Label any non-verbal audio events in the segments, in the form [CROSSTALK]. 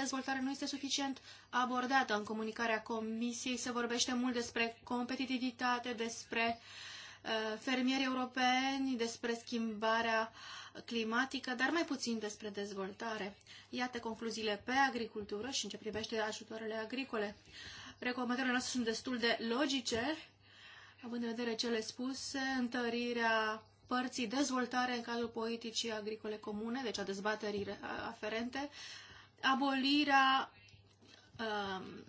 dezvoltare nu este suficient abordată în comunicarea Comisiei. Se vorbește mult despre competitivitate, despre uh, fermieri europeni, despre schimbarea climatică, dar mai puțin despre dezvoltare. Iată concluziile pe agricultură și în ce privește ajutoarele agricole. Recomandările noastre sunt destul de logice, având în vedere cele spuse, întărirea părții dezvoltare în cadrul politicii agricole comune, deci a dezbaterii aferente, abolirea um,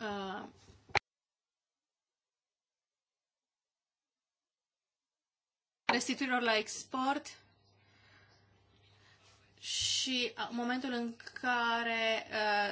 uh, restituirilor la export și în momentul în care,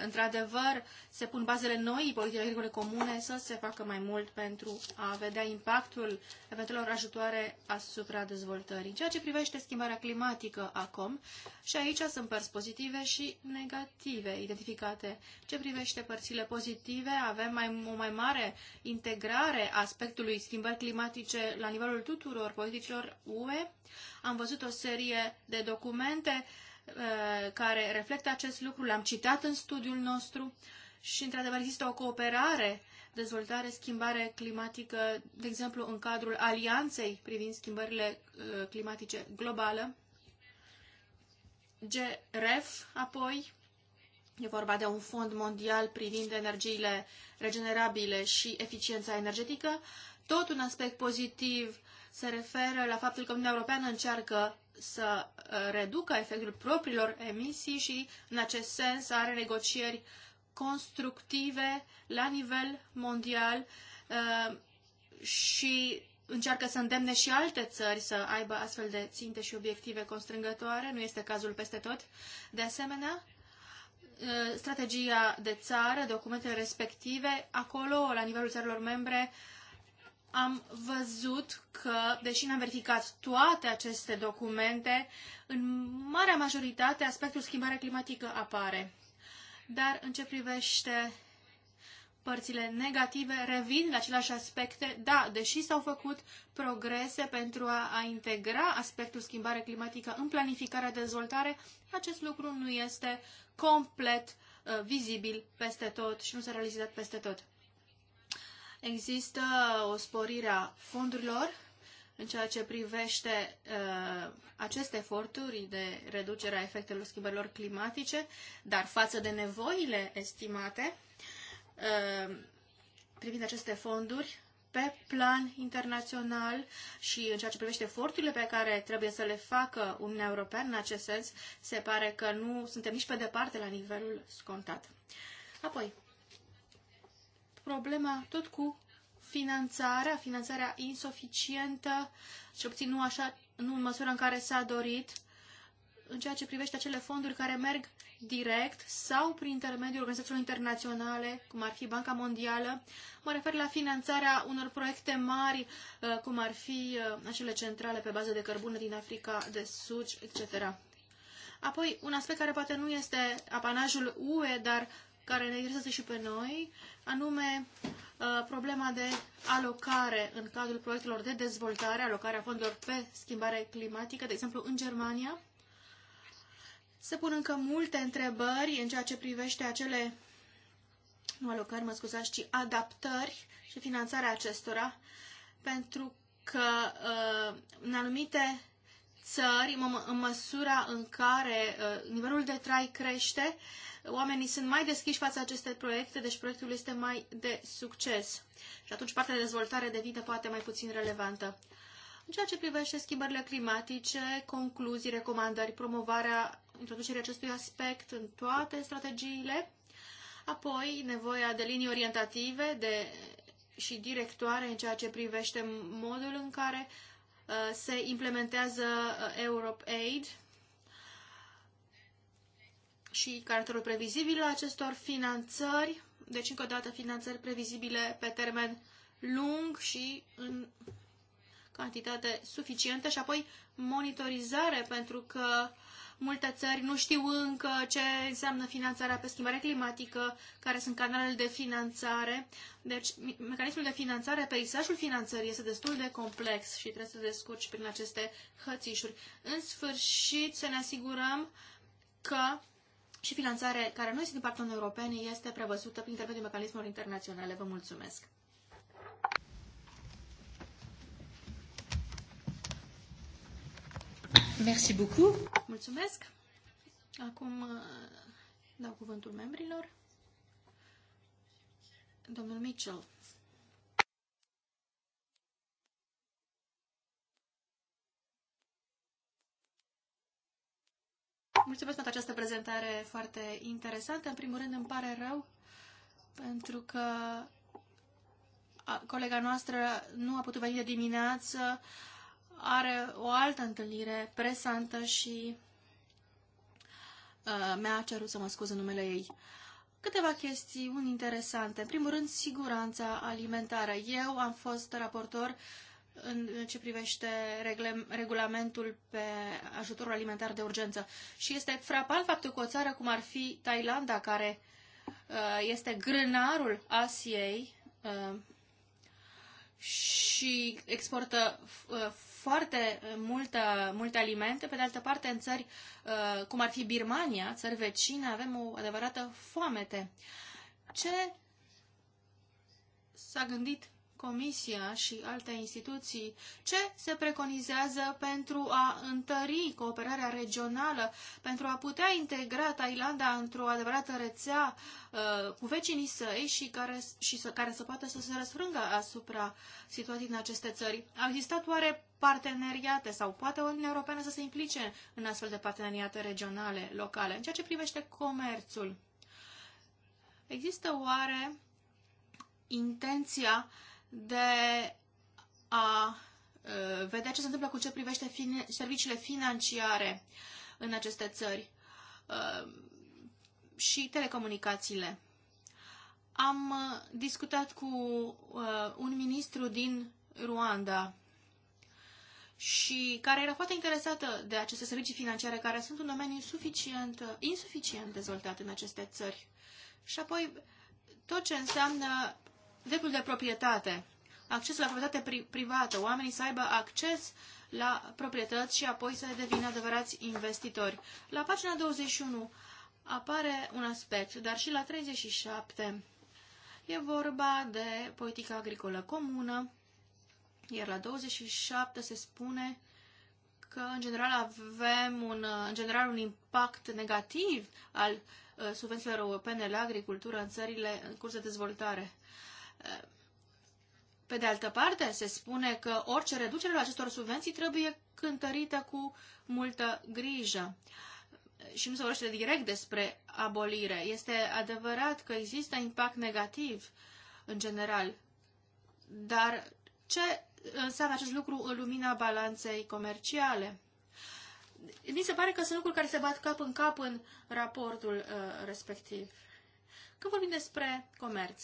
într-adevăr, se pun bazele noi politici agricole comune, să se facă mai mult pentru a vedea impactul eventualelor ajutoare asupra dezvoltării. Ceea ce privește schimbarea climatică acum, și aici sunt părți pozitive și negative identificate. Ce privește părțile pozitive, avem mai, o mai mare integrare a aspectului schimbări climatice la nivelul tuturor politicilor UE. Am văzut o serie de documente Uh, care reflectă acest lucru, l-am citat în studiul nostru și, într-adevăr, există o cooperare, dezvoltare, schimbare climatică, de exemplu, în cadrul Alianței privind schimbările uh, climatice globală, GREF, apoi, e vorba de un fond mondial privind energiile regenerabile și eficiența energetică. Tot un aspect pozitiv se referă la faptul că Uniunea Europeană încearcă să uh, reducă efectul propriilor emisii și, în acest sens, are negocieri constructive la nivel mondial uh, și încearcă să îndemne și alte țări să aibă astfel de ținte și obiective constrângătoare. Nu este cazul peste tot. De asemenea, uh, strategia de țară, documentele respective, acolo, la nivelul țărilor membre, am văzut că, deși n-am verificat toate aceste documente, în marea majoritate aspectul schimbarea climatică apare. Dar în ce privește părțile negative, revin la aceleași aspecte. Da, deși s-au făcut progrese pentru a, a integra aspectul schimbare climatică în planificarea de dezvoltare, acest lucru nu este complet uh, vizibil peste tot și nu s-a realizat peste tot. Există o sporire a fondurilor în ceea ce privește uh, aceste eforturi de reducere a efectelor schimbărilor climatice, dar față de nevoile estimate uh, privind aceste fonduri pe plan internațional și în ceea ce privește eforturile pe care trebuie să le facă Uniunea Europeană în acest sens, se pare că nu suntem nici pe departe la nivelul scontat. Apoi, problema tot cu finanțarea, finanțarea insuficientă, cel puțin nu, așa, nu în măsura în care s-a dorit, în ceea ce privește acele fonduri care merg direct sau prin intermediul organizațiilor internaționale, cum ar fi Banca Mondială. Mă refer la finanțarea unor proiecte mari, uh, cum ar fi uh, acele centrale pe bază de cărbune din Africa de Sud, etc. Apoi, un aspect care poate nu este apanajul UE, dar care ne interesează și pe noi, anume uh, problema de alocare în cadrul proiectelor de dezvoltare, alocarea fondurilor pe schimbare climatică, de exemplu în Germania. Se pun încă multe întrebări în ceea ce privește acele nu alocări, mă scuzați, ci adaptări și finanțarea acestora, pentru că uh, în anumite țări, în măsura în care uh, nivelul de trai crește, oamenii sunt mai deschiși față aceste proiecte, deci proiectul este mai de succes. Și atunci partea de dezvoltare devine poate mai puțin relevantă. În ceea ce privește schimbările climatice, concluzii, recomandări, promovarea, introducerea acestui aspect în toate strategiile, apoi nevoia de linii orientative de, și directoare în ceea ce privește modul în care uh, se implementează uh, Europe Aid, și caracterul previzibil al acestor finanțări, deci încă o dată finanțări previzibile pe termen lung și în cantitate suficientă și apoi monitorizare, pentru că multe țări nu știu încă ce înseamnă finanțarea pe schimbare climatică, care sunt canalele de finanțare. Deci, mecanismul de finanțare, peisajul finanțării este destul de complex și trebuie să descurci prin aceste hățișuri. În sfârșit, să ne asigurăm că și finanțare care nu este din partea Uniunii Europene este prevăzută prin intermediul mecanismelor internaționale. Vă mulțumesc! Merci beaucoup. Mulțumesc. Acum uh, dau cuvântul membrilor. Domnul Mitchell. Mulțumesc pentru această prezentare foarte interesantă. În primul rând, îmi pare rău pentru că colega noastră nu a putut veni de dimineață, are o altă întâlnire presantă și uh, mi-a cerut să mă scuz în numele ei. Câteva chestiuni interesante. În primul rând, siguranța alimentară. Eu am fost raportor în ce privește regle, regulamentul pe ajutorul alimentar de urgență. Și este frapant faptul că o țară cum ar fi Thailanda, care uh, este grânarul Asiei uh, și exportă uh, foarte multe, multe alimente. Pe de altă parte, în țări cum ar fi Birmania, țări vecine, avem o adevărată foamete. Ce s-a gândit Comisia și alte instituții, ce se preconizează pentru a întări cooperarea regională, pentru a putea integra Thailanda într-o adevărată rețea uh, cu vecinii săi și care, și să, care să poată să se răsfrângă asupra situației în aceste țări. Au existat oare parteneriate sau poate Uniunea Europeană să se implice în astfel de parteneriate regionale, locale, în ceea ce privește comerțul? Există oare intenția de a vedea ce se întâmplă cu ce privește fin- serviciile financiare în aceste țări și telecomunicațiile. Am discutat cu un ministru din Ruanda și care era foarte interesată de aceste servicii financiare care sunt un domeniu insuficient, insuficient dezvoltat în aceste țări. Și apoi tot ce înseamnă Dreptul de proprietate, accesul la proprietate pri privată, oamenii să aibă acces la proprietăți și apoi să devină adevărați investitori. La pagina 21 apare un aspect, dar și la 37 e vorba de politica agricolă comună, iar la 27 se spune că în general avem un, în general un impact negativ al uh, subvențiilor europene la agricultură în țările în curs de dezvoltare. Pe de altă parte, se spune că orice reducere la acestor subvenții trebuie cântărită cu multă grijă. Și nu se vorbește direct despre abolire. Este adevărat că există impact negativ în general. Dar ce înseamnă acest lucru în lumina balanței comerciale? Mi se pare că sunt lucruri care se bat cap în cap în raportul uh, respectiv. Când vorbim despre comerț,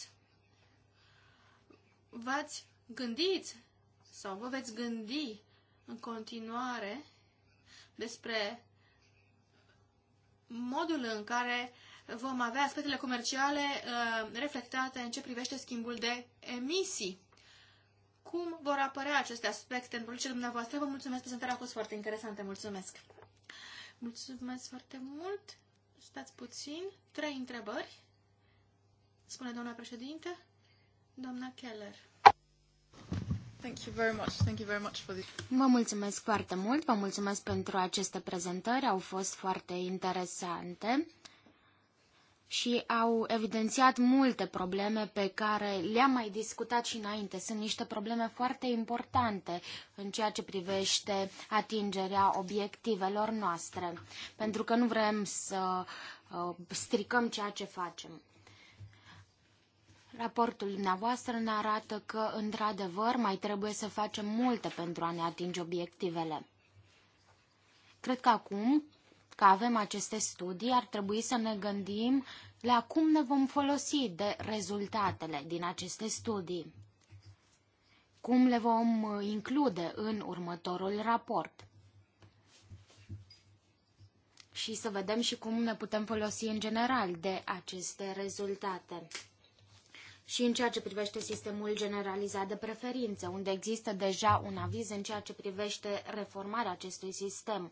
v-ați gândit sau vă veți gândi în continuare despre modul în care vom avea aspectele comerciale uh, reflectate în ce privește schimbul de emisii. Cum vor apărea aceste aspecte în politicile dumneavoastră? Vă mulțumesc, prezentarea a fost foarte interesantă. Mulțumesc! Mulțumesc foarte mult! Stați puțin. Trei întrebări. Spune doamna președinte. Doamna Keller. Thank you very much. Thank you very much for this. Vă mulțumesc foarte mult, vă mulțumesc pentru aceste prezentări, au fost foarte interesante și au evidențiat multe probleme pe care le-am mai discutat și înainte. Sunt niște probleme foarte importante în ceea ce privește atingerea obiectivelor noastre, pentru că nu vrem să uh, stricăm ceea ce facem. Raportul dumneavoastră ne arată că, într-adevăr, mai trebuie să facem multe pentru a ne atinge obiectivele. Cred că acum, că avem aceste studii, ar trebui să ne gândim la cum ne vom folosi de rezultatele din aceste studii, cum le vom uh, include în următorul raport și să vedem și cum ne putem folosi în general de aceste rezultate și în ceea ce privește sistemul generalizat de preferințe, unde există deja un aviz în ceea ce privește reformarea acestui sistem.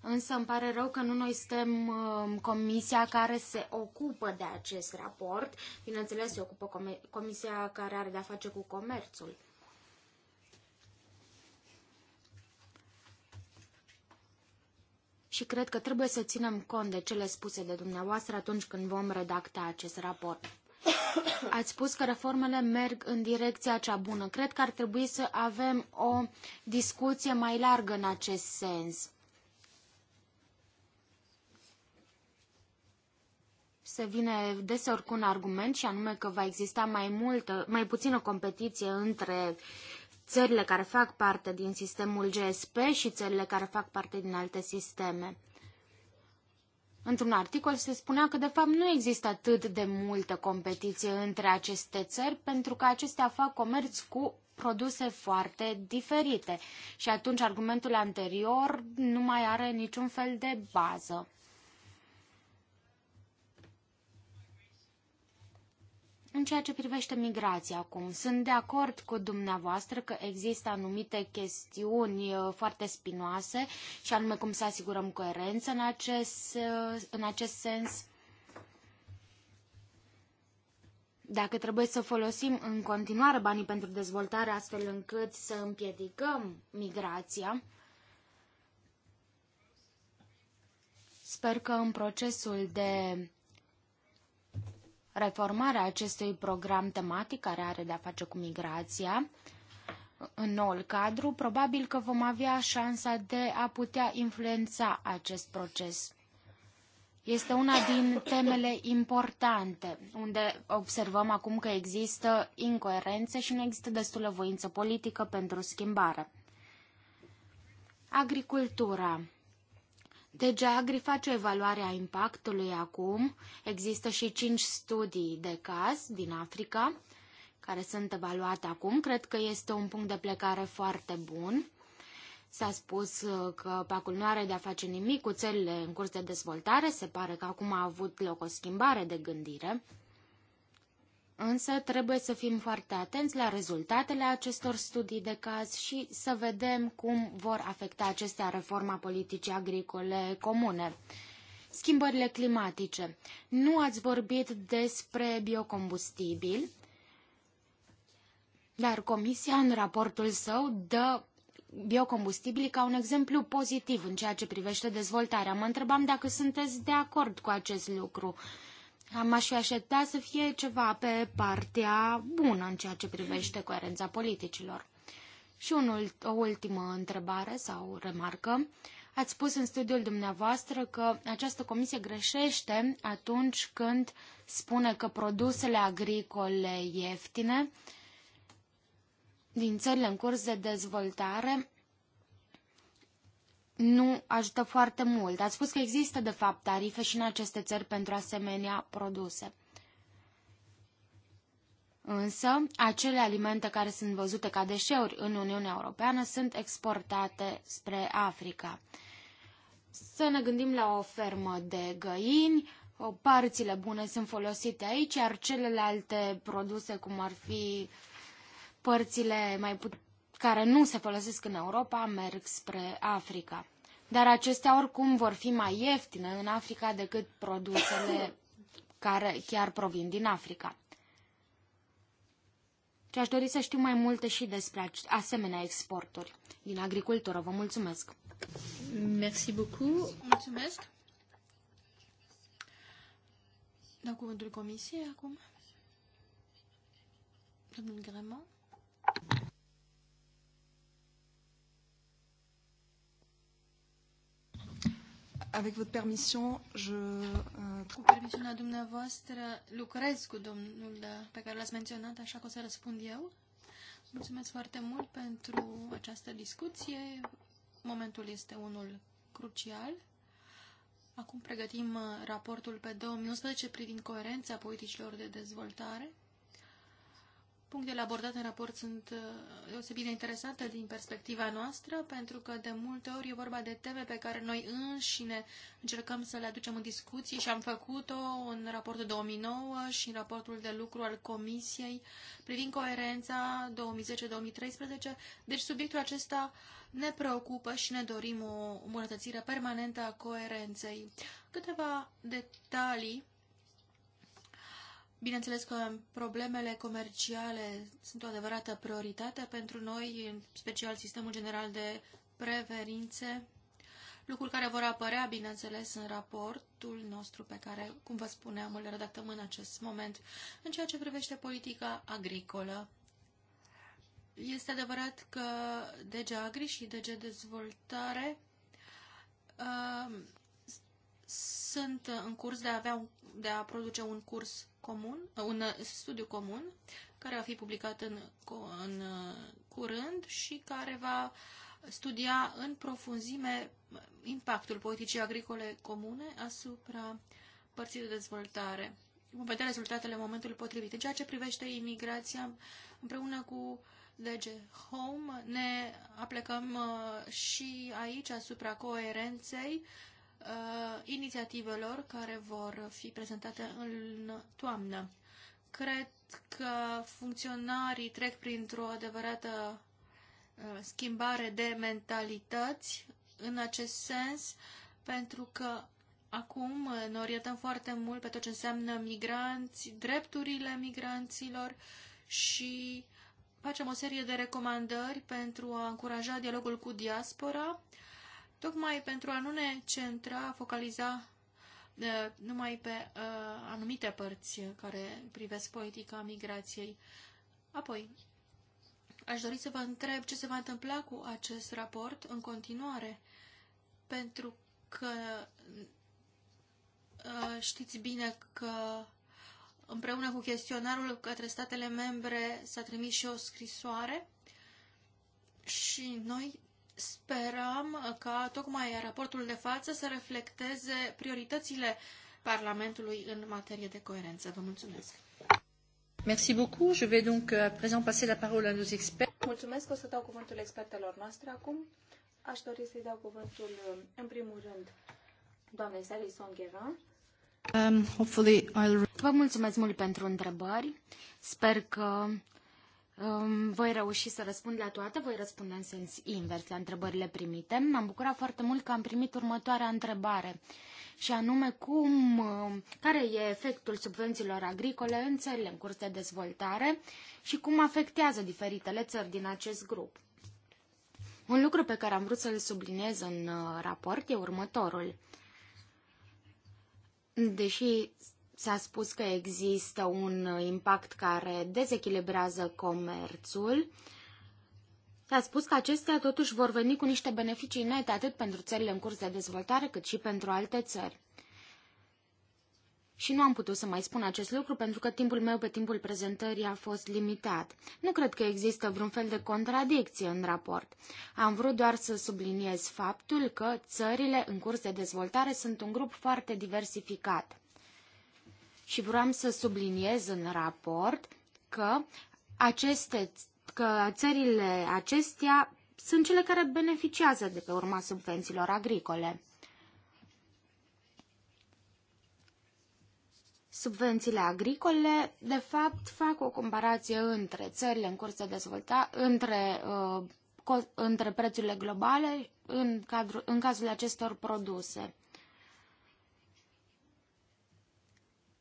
Însă îmi pare rău că nu noi suntem um, comisia care se ocupă de acest raport. Bineînțeles, se ocupă comisia care are de-a face cu comerțul. și cred că trebuie să ținem cont de cele spuse de dumneavoastră atunci când vom redacta acest raport. Ați spus că reformele merg în direcția cea bună. Cred că ar trebui să avem o discuție mai largă în acest sens. se vine deseori cu un argument și anume că va exista mai multă, mai puțină competiție între țările care fac parte din sistemul GSP și țările care fac parte din alte sisteme. Într-un articol se spunea că, de fapt, nu există atât de multă competiție între aceste țări, pentru că acestea fac comerț cu produse foarte diferite. Și atunci argumentul anterior nu mai are niciun fel de bază. În ceea ce privește migrația acum, sunt de acord cu dumneavoastră că există anumite chestiuni uh, foarte spinoase și anume cum să asigurăm coerență în acest, uh, în acest sens. Dacă trebuie să folosim în continuare banii pentru dezvoltare astfel încât să împiedicăm migrația, sper că în procesul de reformarea acestui program tematic care are de-a face cu migrația, în noul cadru, probabil că vom avea șansa de a putea influența acest proces. Este una din temele importante, unde observăm acum că există incoerențe și nu există destulă voință politică pentru schimbare. Agricultura deci Agri face evaluarea impactului acum. Există și cinci studii de caz din Africa care sunt evaluate acum. Cred că este un punct de plecare foarte bun. S-a spus uh, că pacul nu are de-a face nimic cu țările în curs de dezvoltare. Se pare că acum a avut loc o schimbare de gândire. Însă trebuie să fim foarte atenți la rezultatele acestor studii de caz și să vedem cum vor afecta acestea reforma politicii agricole comune. Schimbările climatice. Nu ați vorbit despre biocombustibil, dar Comisia în raportul său dă biocombustibili ca un exemplu pozitiv în ceea ce privește dezvoltarea. Mă întrebam dacă sunteți de acord cu acest lucru. Uh, M-aș așteptat să fie ceva pe partea bună în ceea ce privește coerența politicilor. Și unul, o ultimă întrebare sau remarcă. Ați spus în studiul dumneavoastră că această comisie greșește atunci când spune că produsele agricole ieftine din țările în curs de dezvoltare nu ajută foarte mult. Ați spus că există, de fapt, tarife și în aceste țări pentru asemenea produse. Însă, acele alimente care sunt văzute ca deșeuri în Uniunea Europeană sunt exportate spre Africa. Să ne gândim la o fermă de găini, parțile bune sunt folosite aici, iar celelalte produse, cum ar fi părțile mai puternice, care nu se folosesc în Europa merg spre Africa. Dar acestea oricum vor fi mai ieftine în Africa decât produsele [COUGHS] care chiar provin din Africa. Și aș dori să știu mai multe și despre asemenea exporturi din agricultură. Vă mulțumesc! Merci beaucoup! Mulțumesc! Dau cuvântul comisiei acum. Domnul Gremont. Avec votre permission, je... Euh, cu permisiunea dumneavoastră, lucrez cu domnul da, pe care l-ați menționat, așa că o să răspund eu. Mulțumesc foarte mult pentru această discuție. Momentul este unul crucial. Acum pregătim uh, raportul pe 2011 privind coerența politicilor de dezvoltare Punctele abordate în raport sunt uh, deosebit de interesante din perspectiva noastră, pentru că de multe ori e vorba de teme pe care noi înșine încercăm să le aducem în discuții și am făcut-o în raportul 2009 și în raportul de lucru al Comisiei privind coerența 2010-2013. Deci subiectul acesta ne preocupă și ne dorim o îmbunătățire permanentă a coerenței. Câteva detalii Bineînțeles că problemele comerciale sunt o adevărată prioritate pentru noi, în special sistemul general de preferințe, lucruri care vor apărea, bineînțeles, în raportul nostru pe care, cum vă spuneam, îl redactăm în acest moment. În ceea ce privește politica agricolă, este adevărat că DG Agri și DG Dezvoltare uh, sunt în curs de a, avea, de a produce un curs comun, un uh, studiu comun, care va fi publicat în, în uh, curând și care va studia în profunzime impactul politicii agricole comune asupra părții de dezvoltare. Vom vedea rezultatele în momentul potrivit. În ceea ce privește imigrația, împreună cu DG Home, ne aplecăm uh, și aici asupra coerenței uh, inițiativelor care vor fi prezentate în toamnă. Cred că funcționarii trec printr-o adevărată uh, schimbare de mentalități în acest sens, pentru că acum ne orientăm foarte mult pe tot ce înseamnă migranți, drepturile migranților și facem o serie de recomandări pentru a încuraja dialogul cu diaspora, tocmai pentru a nu ne centra, focaliza eh, numai pe uh, anumite părți care privesc politica migrației. Apoi, aș dori să vă întreb ce se va întâmpla cu acest raport în continuare, pentru că uh, știți bine că împreună cu chestionarul către statele membre s-a trimis și o scrisoare și noi Sperăm ca tocmai raportul de față să reflecteze prioritățile Parlamentului în materie de coerență. Vă mulțumesc! Merci beaucoup. Je vais donc euh, à présent passer la parole à nos experts. Mulțumesc, o să dau cuvântul expertelor noastre acum. Aș dori să-i dau cuvântul, în primul rând, doamnei Sally Gheran. Um, hopefully I'll... Vă mulțumesc mult pentru întrebări. Sper că Um, voi reuși să răspund la toate, voi răspunde în sens invers la întrebările primite. M-am bucurat foarte mult că am primit următoarea întrebare și anume cum, um, care e efectul subvențiilor agricole în țările în curs de dezvoltare și cum afectează diferitele țări din acest grup. Un lucru pe care am vrut să-l subliniez în uh, raport e următorul. Deși S-a spus că există un impact care dezechilibrează comerțul. S-a spus că acestea totuși vor veni cu niște beneficii nete atât pentru țările în curs de dezvoltare cât și pentru alte țări. Și nu am putut să mai spun acest lucru pentru că timpul meu pe timpul prezentării a fost limitat. Nu cred că există vreun fel de contradicție în raport. Am vrut doar să subliniez faptul că țările în curs de dezvoltare sunt un grup foarte diversificat și vreau să subliniez în raport că aceste că țările acestea sunt cele care beneficiază de pe urma subvențiilor agricole. Subvențiile agricole, de fapt, fac o comparație între țările în curs de dezvoltare, între, uh, între prețurile globale în, cadru, în cazul acestor produse.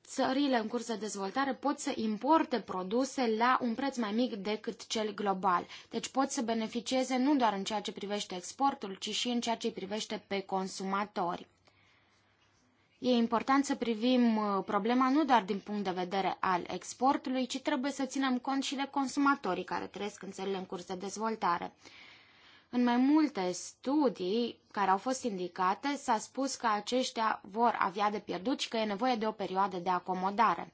țările în curs de dezvoltare pot să importe produse la un preț mai mic decât cel global. Deci pot să beneficieze nu doar în ceea ce privește exportul, ci și în ceea ce privește pe consumatori. E important să privim uh, problema nu doar din punct de vedere al exportului, ci trebuie să ținem cont și de consumatorii care trăiesc în țările în curs de dezvoltare. În mai multe studii care au fost indicate, s-a spus că aceștia vor avea de pierdut și că e nevoie de o perioadă de acomodare.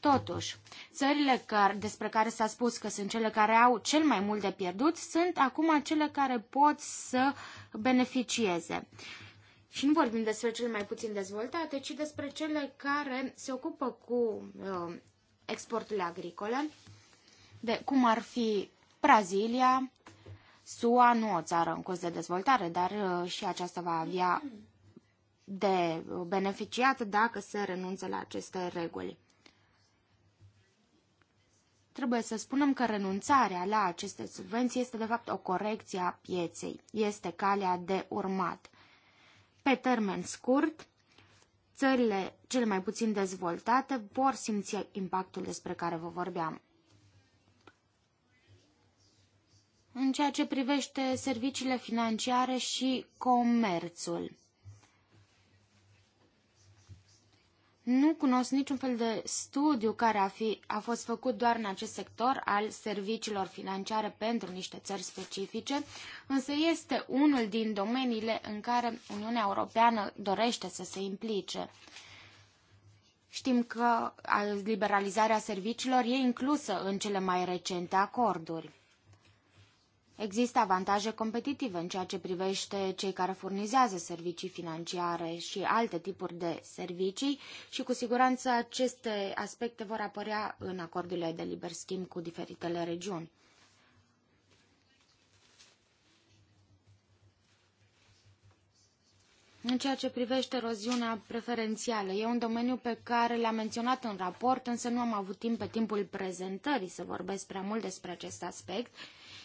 Totuși, țările care, despre care s-a spus că sunt cele care au cel mai mult de pierdut sunt acum cele care pot să beneficieze. Și nu vorbim despre cele mai puțin dezvoltate, ci despre cele care se ocupă cu uh, exporturile agricole, de cum ar fi Brazilia, SUA nu o țară în curs de dezvoltare, dar uh, și aceasta va avea de beneficiat dacă se renunță la aceste reguli. Trebuie să spunem că renunțarea la aceste subvenții este de fapt o corecție a pieței, este calea de urmat. Pe termen scurt, țările cele mai puțin dezvoltate vor simți impactul despre care vă vorbeam. în ceea ce privește serviciile financiare și comerțul. Nu cunosc niciun fel de studiu care a, fi, a fost făcut doar în acest sector al serviciilor financiare pentru niște țări specifice, însă este unul din domeniile în care Uniunea Europeană dorește să se implice. Știm că liberalizarea serviciilor e inclusă în cele mai recente acorduri. Există avantaje competitive în ceea ce privește cei care furnizează servicii financiare și alte tipuri de servicii și cu siguranță aceste aspecte vor apărea în acordurile de liber schimb cu diferitele regiuni. În ceea ce privește eroziunea preferențială, e un domeniu pe care l-am menționat în raport, însă nu am avut timp pe timpul prezentării să vorbesc prea mult despre acest aspect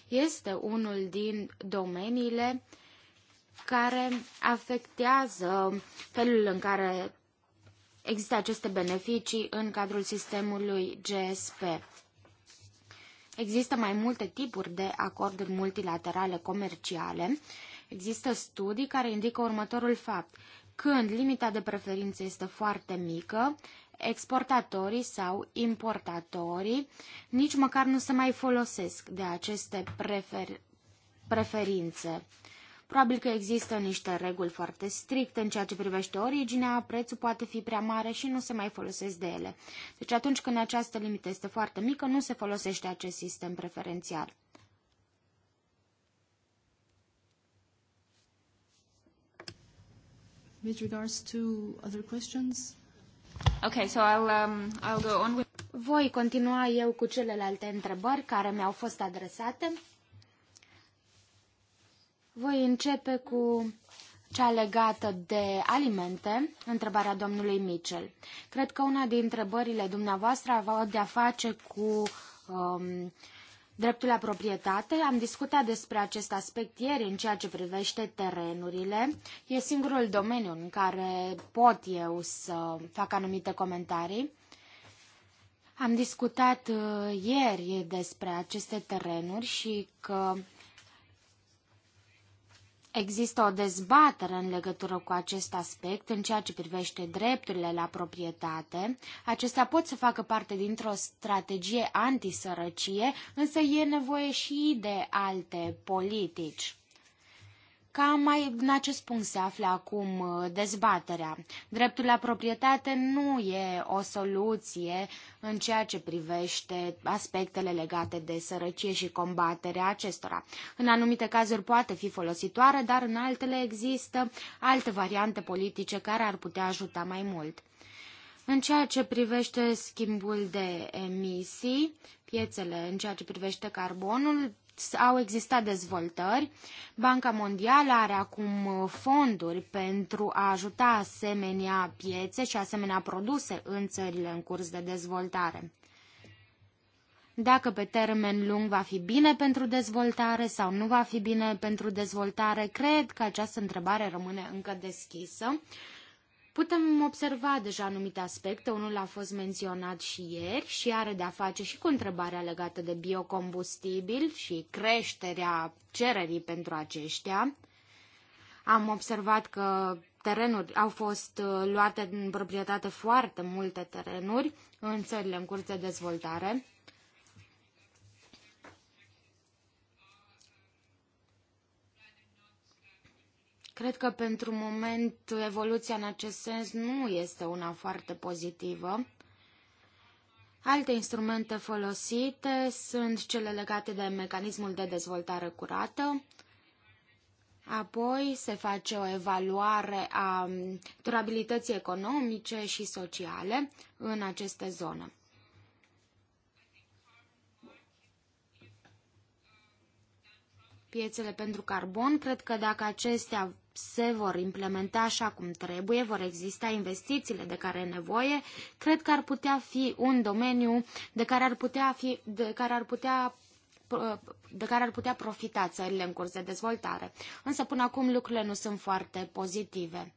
este unul din domeniile care afectează felul în care există aceste beneficii în cadrul sistemului GSP. Există mai multe tipuri de acorduri multilaterale comerciale. Există studii care indică următorul fapt. Când limita de preferințe este foarte mică, exportatorii sau importatorii nici măcar nu se mai folosesc de aceste prefer- preferințe. Probabil că există niște reguli foarte stricte în ceea ce privește originea, prețul poate fi prea mare și nu se mai folosesc de ele. Deci atunci când această limită este foarte mică, nu se folosește acest sistem preferențial. With regards to other questions, Okay, so I'll, um, I'll go on with... Voi continua eu cu celelalte întrebări care mi-au fost adresate. Voi începe cu cea legată de alimente, întrebarea domnului Mitchell. Cred că una din întrebările dumneavoastră avut de-a face cu um, Dreptul la proprietate, am discutat despre acest aspect ieri în ceea ce privește terenurile. E singurul domeniu în care pot eu să fac anumite comentarii. Am discutat uh, ieri despre aceste terenuri și că Există o dezbatere în legătură cu acest aspect în ceea ce privește drepturile la proprietate. Acestea pot să facă parte dintr-o strategie antisărăcie, însă e nevoie și de alte politici. Cam mai în acest punct se află acum uh, dezbaterea. Dreptul la proprietate nu e o soluție în ceea ce privește aspectele legate de sărăcie și combaterea acestora. În anumite cazuri poate fi folositoare, dar în altele există alte variante politice care ar putea ajuta mai mult. În ceea ce privește schimbul de emisii, piețele în ceea ce privește carbonul, au existat dezvoltări. Banca Mondială are acum uh, fonduri pentru a ajuta asemenea piețe și asemenea produse în țările în curs de dezvoltare. Dacă pe termen lung va fi bine pentru dezvoltare sau nu va fi bine pentru dezvoltare, cred că această întrebare rămâne încă deschisă Putem observa deja anumite aspecte, unul a fost menționat și ieri și are de-a face și cu întrebarea legată de biocombustibil și creșterea cererii pentru aceștia. Am observat că terenuri au fost uh, luate în proprietate foarte multe terenuri în țările în curs de dezvoltare. Cred că pentru moment evoluția în acest sens nu este una foarte pozitivă. Alte instrumente folosite sunt cele legate de mecanismul de dezvoltare curată, apoi se face o evaluare a durabilității economice și sociale în aceste zone. Piețele pentru carbon, cred că dacă acestea se vor implementa așa cum trebuie, vor exista investițiile de care e nevoie, cred că ar putea fi un domeniu de care ar putea fi, de care ar putea de care ar putea profita țările în curs de dezvoltare. Însă până acum lucrurile nu sunt foarte pozitive.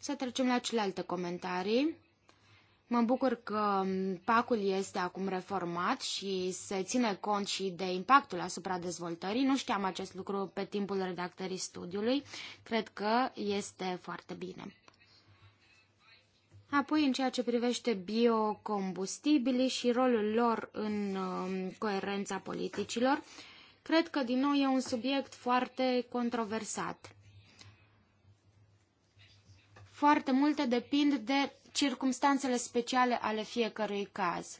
Să trecem la celelalte comentarii. Mă bucur că um, pacul este acum reformat și se ține cont și de impactul asupra dezvoltării. Nu știam acest lucru pe timpul redactării studiului. Cred că este foarte bine. Apoi, în ceea ce privește biocombustibilii și rolul lor în um, coerența politicilor, cred că din nou e un subiect foarte controversat. Foarte multe depind de circumstanțele speciale ale fiecărui caz.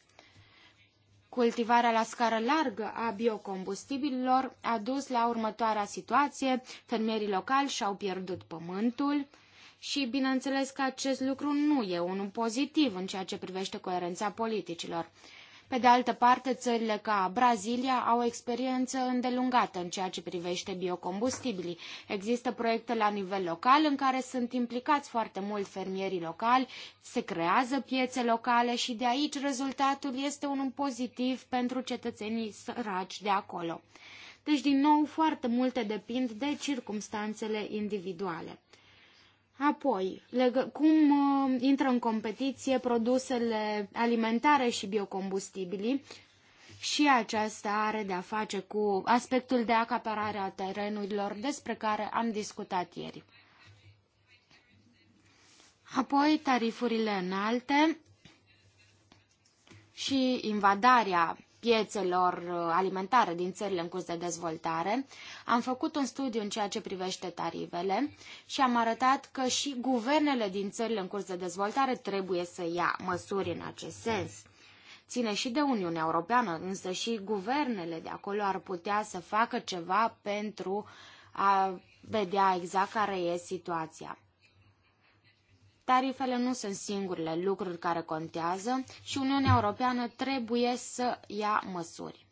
Cultivarea la scară largă a biocombustibililor a dus la următoarea situație. Fermierii locali și-au pierdut pământul și, bineînțeles, că acest lucru nu e unul pozitiv în ceea ce privește coerența politicilor. Pe de altă parte, țările ca Brazilia au experiență îndelungată în ceea ce privește biocombustibilii. Există proiecte la nivel local în care sunt implicați foarte mult fermierii locali, se creează piețe locale și de aici rezultatul este unul pozitiv pentru cetățenii săraci de acolo. Deci, din nou, foarte multe depind de circumstanțele individuale. Apoi, cum uh, intră în competiție produsele alimentare și biocombustibilii și aceasta are de-a face cu aspectul de acaparare a terenurilor despre care am discutat ieri. Apoi, tarifurile înalte și invadarea piețelor uh, alimentare din țările în curs de dezvoltare. Am făcut un studiu în ceea ce privește tarivele și am arătat că și guvernele din țările în curs de dezvoltare trebuie să ia măsuri în acest sens. Ține și de Uniunea Europeană, însă și guvernele de acolo ar putea să facă ceva pentru a vedea exact care e situația. Tarifele nu sunt singurele lucruri care contează și Uniunea Europeană trebuie să ia măsuri.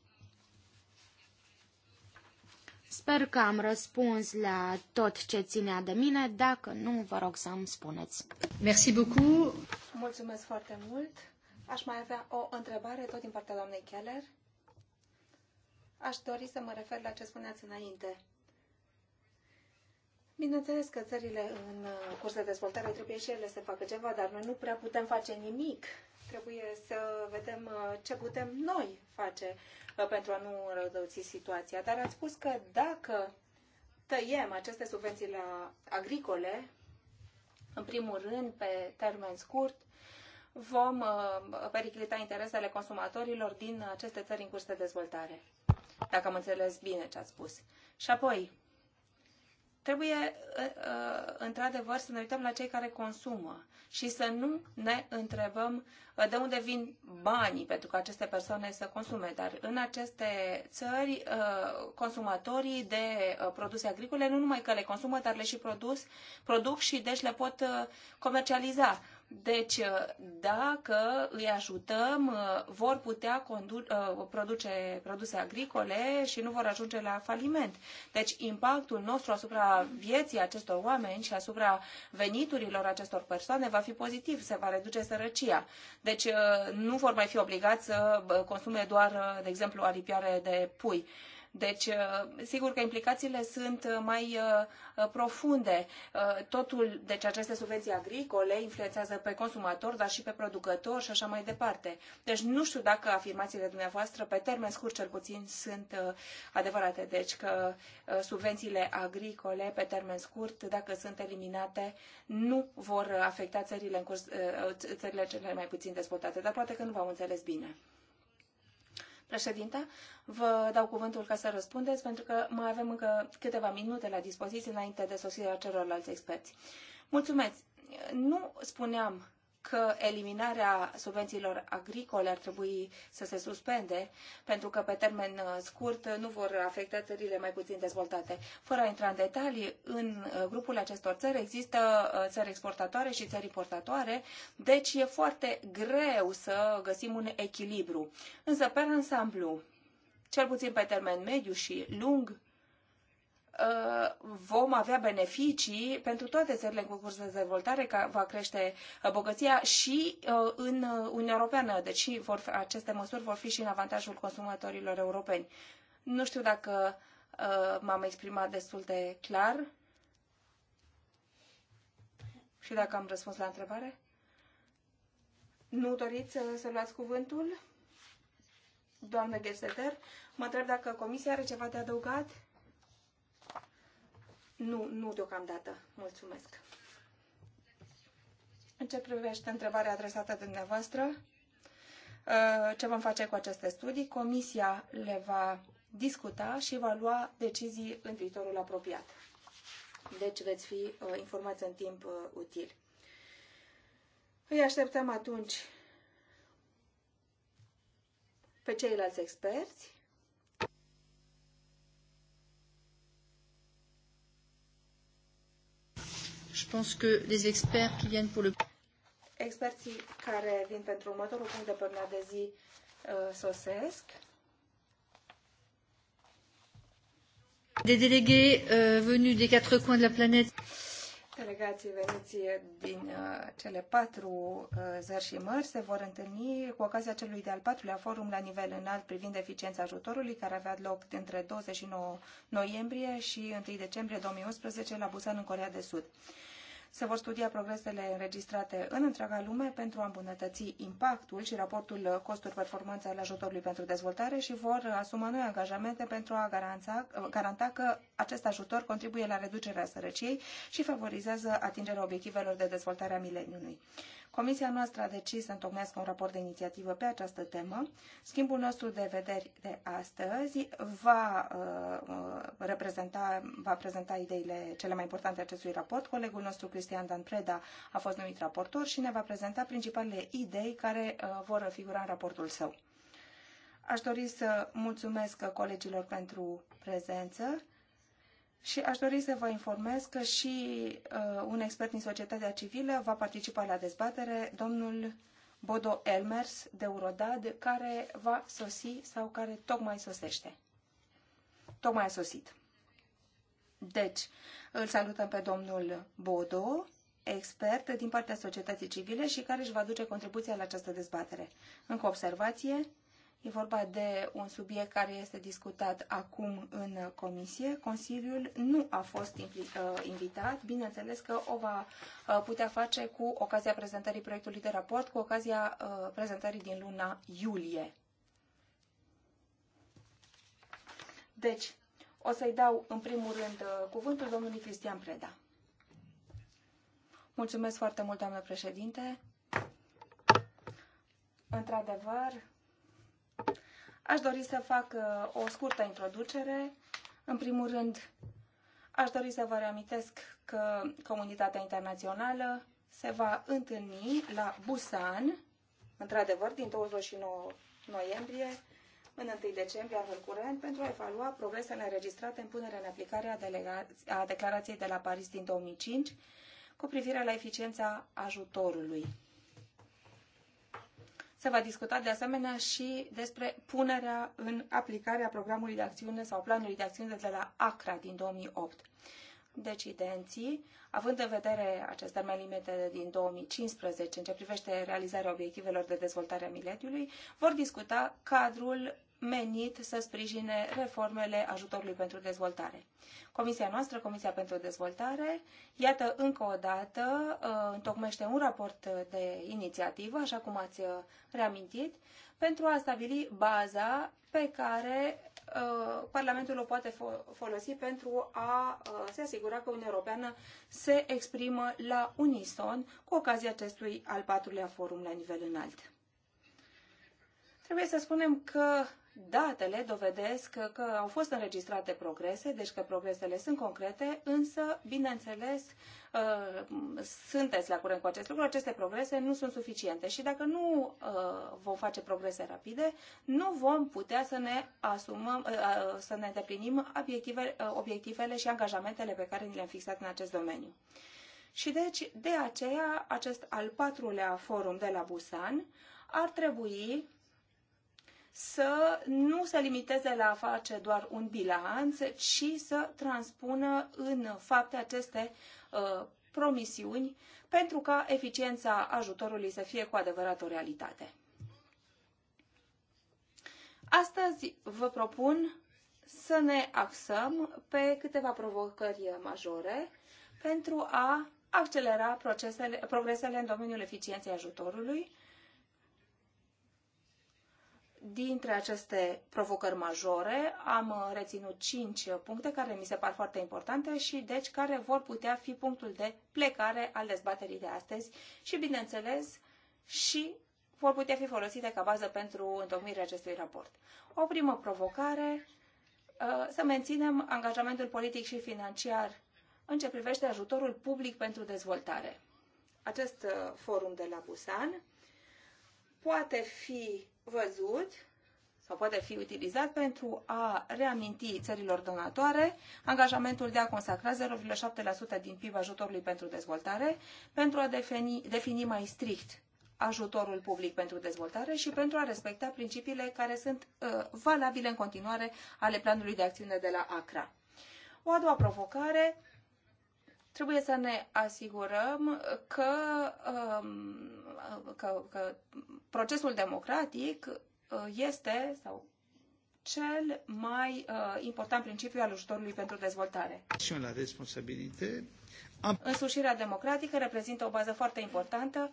Sper că am răspuns la tot ce ținea de mine. Dacă nu, vă rog să îmi spuneți. Merci beaucoup. Mulțumesc foarte mult. Aș mai avea o întrebare tot din partea doamnei Keller. Aș dori să mă refer la ce spuneați înainte Bineînțeles că țările în uh, curs de dezvoltare trebuie și ele să facă ceva, dar noi nu prea putem face nimic. Trebuie să vedem uh, ce putem noi face uh, pentru a nu înrăutăți situația. Dar ați spus că dacă tăiem aceste subvenții la agricole, în primul rând, pe termen scurt, vom periclita interesele consumatorilor din aceste țări în curs de dezvoltare. Dacă am înțeles bine ce ați spus. Și apoi, Trebuie, uh, uh, într-adevăr, să ne uităm la cei care consumă și să nu ne întrebăm uh, de unde vin banii pentru că aceste persoane să consume. Dar în aceste țări, consumatorii de produse agricole nu numai că le consumă, dar le și produs, produc și deci le pot comercializa. Deci, uh, dacă îi ajutăm, uh, vor putea uh, produce produse agricole și nu vor ajunge la faliment. Deci, impactul nostru asupra vieții acestor oameni și asupra veniturilor acestor persoane va fi pozitiv, se va reduce sărăcia. Deci, nu vor mai fi obligați să consume doar, de exemplu, aripioare de pui. Deci, uh, sigur că implicațiile sunt uh, mai uh, profunde. Totul, deci aceste subvenții agricole influențează pe consumator, dar și pe producător și așa mai departe. Deci nu știu dacă afirmațiile dumneavoastră, pe termen scurt cel puțin, sunt adevărate. Deci că subvențiile agricole pe termen scurt, dacă sunt eliminate, nu vor afecta țările, în curs, țările cele mai puțin dezvoltate. Dar poate că nu v-am înțeles bine. Președintă, vă dau cuvântul ca să răspundeți, pentru că mai avem încă câteva minute la dispoziție înainte de sosirea celorlalți experți. Mulțumesc! Nu spuneam că eliminarea subvențiilor agricole ar trebui să se suspende, pentru că pe termen uh, scurt uh, nu vor afecta țările mai puțin dezvoltate. Fără a intra în detalii, în uh, grupul acestor țări există țări exportatoare și țări importatoare, deci e foarte greu să găsim un echilibru. Însă, pe ansamblu, cel puțin pe termen mediu și lung, Uh, vom avea beneficii pentru toate țările în curs de dezvoltare, că va crește uh, bogăția și uh, în Uniunea Europeană. Deci vor, aceste măsuri vor fi și în avantajul consumatorilor europeni. Nu știu dacă m-am exprimat destul de clar și dacă am răspuns la întrebare. Nu doriți să, să luați cuvântul? Doamnă Gheseter, mă întreb dacă comisia are ceva de adăugat? Nu, nu deocamdată. Mulțumesc. În ce privește întrebarea adresată de dumneavoastră, uh, ce vom face cu aceste studii? Comisia le va discuta și va lua decizii în viitorul apropiat. Deci veți fi uh, informați în timp uh, util. Îi așteptăm atunci pe ceilalți experți pense que les experts qui viennent pour le... Experții care vin pentru următorul punct de până de zi uh, sosesc. Des délégués euh, venus des quatre coins de la planète. Delegații veniți din uh, cele patru uh, zări și mări se vor întâlni cu ocazia celui de-al patrulea forum la nivel înalt privind eficiența ajutorului, care avea loc între 29 noiembrie și 1 decembrie 2011 la Busan, în Corea de Sud. Se vor studia progresele înregistrate în întreaga lume pentru a îmbunătăți impactul și raportul costuri-performanță al ajutorului pentru dezvoltare și vor asuma noi angajamente pentru a garanta, garanta că acest ajutor contribuie la reducerea sărăciei și favorizează atingerea obiectivelor de dezvoltare a mileniului. Comisia noastră a decis să întocmească un raport de inițiativă pe această temă. Schimbul nostru de vederi de astăzi va uh, uh, reprezenta, va prezenta ideile cele mai importante acestui raport. Colegul nostru, Cristian Dan Preda, a fost numit raportor și ne va prezenta principalele idei care uh, vor figura în raportul său. Aș dori să mulțumesc colegilor pentru prezență și aș dori să vă informez că și uh, un expert din societatea civilă va participa la dezbatere, domnul Bodo Elmers de Eurodad, care va sosi sau care tocmai sosește. Tocmai a sosit. Deci, îl salutăm pe domnul Bodo, expert din partea societății civile și care își va duce contribuția la această dezbatere. Încă observație, E vorba de un subiect care este discutat acum în comisie. Consiliul nu a fost uh, invitat. Bineînțeles că o va uh, putea face cu ocazia prezentării proiectului de raport, cu ocazia uh, prezentării din luna iulie. Deci, o să-i dau în primul rând cuvântul domnului Cristian Preda. Mulțumesc foarte mult, doamnă președinte. Într-adevăr, Aș dori să fac uh, o scurtă introducere. În primul rând, aș dori să vă reamintesc că comunitatea internațională se va întâlni la Busan, într-adevăr, din 29 noiembrie în 1 decembrie anul curent pentru a evalua progresele înregistrate în punerea în aplicare a, a declarației de la Paris din 2005 cu privire la eficiența ajutorului. Se va discuta de asemenea și despre punerea în aplicare a programului de acțiune sau planului de acțiune de la ACRA din 2008. Decidenții, având în vedere acest termen limite din 2015 în ce privește realizarea obiectivelor de dezvoltare a mileniului, vor discuta cadrul menit să sprijine reformele ajutorului pentru dezvoltare. Comisia noastră, Comisia pentru Dezvoltare, iată încă o dată, uh, întocmește un raport de inițiativă, așa cum ați uh, reamintit, pentru a stabili baza pe care uh, Parlamentul o poate folosi pentru a se asigura că Uniunea Europeană se exprimă la unison cu ocazia acestui al patrulea forum la nivel înalt. Trebuie să spunem că datele dovedesc că au fost înregistrate progrese, deci că progresele sunt concrete, însă, bineînțeles, uh, sunteți la curent cu acest lucru, aceste progrese nu sunt suficiente și dacă nu uh, vom face progrese rapide, nu vom putea să ne asumăm, uh, să ne îndeplinim obiectivele și angajamentele pe care ni le-am fixat în acest domeniu. Și deci, de aceea, acest al patrulea forum de la Busan ar trebui să nu se limiteze la a face doar un bilanț, ci să transpună în fapte aceste uh, promisiuni pentru ca eficiența ajutorului să fie cu adevărat o realitate. Astăzi vă propun să ne axăm pe câteva provocări majore pentru a accelera procesele, progresele în domeniul eficienței ajutorului, dintre aceste provocări majore am uh, reținut cinci uh, puncte care mi se par foarte importante și deci care vor putea fi punctul de plecare al dezbaterii de astăzi și, bineînțeles, și vor putea fi folosite ca bază pentru întocmirea acestui raport. O primă provocare, uh, să menținem angajamentul politic și financiar în ce privește ajutorul public pentru dezvoltare. Acest forum de la Busan poate fi văzut sau poate fi utilizat pentru a reaminti țărilor donatoare angajamentul de a consacra 0,7% din PIB ajutorului pentru dezvoltare, pentru a defini, defini mai strict ajutorul public pentru dezvoltare și pentru a respecta principiile care sunt uh, valabile în continuare ale planului de acțiune de la ACRA. O a doua provocare trebuie să ne asigurăm că, um, că, că procesul democratic uh, este sau cel mai uh, important principiu al ajutorului pentru dezvoltare. La responsabilitate. Însușirea democratică reprezintă o bază foarte importantă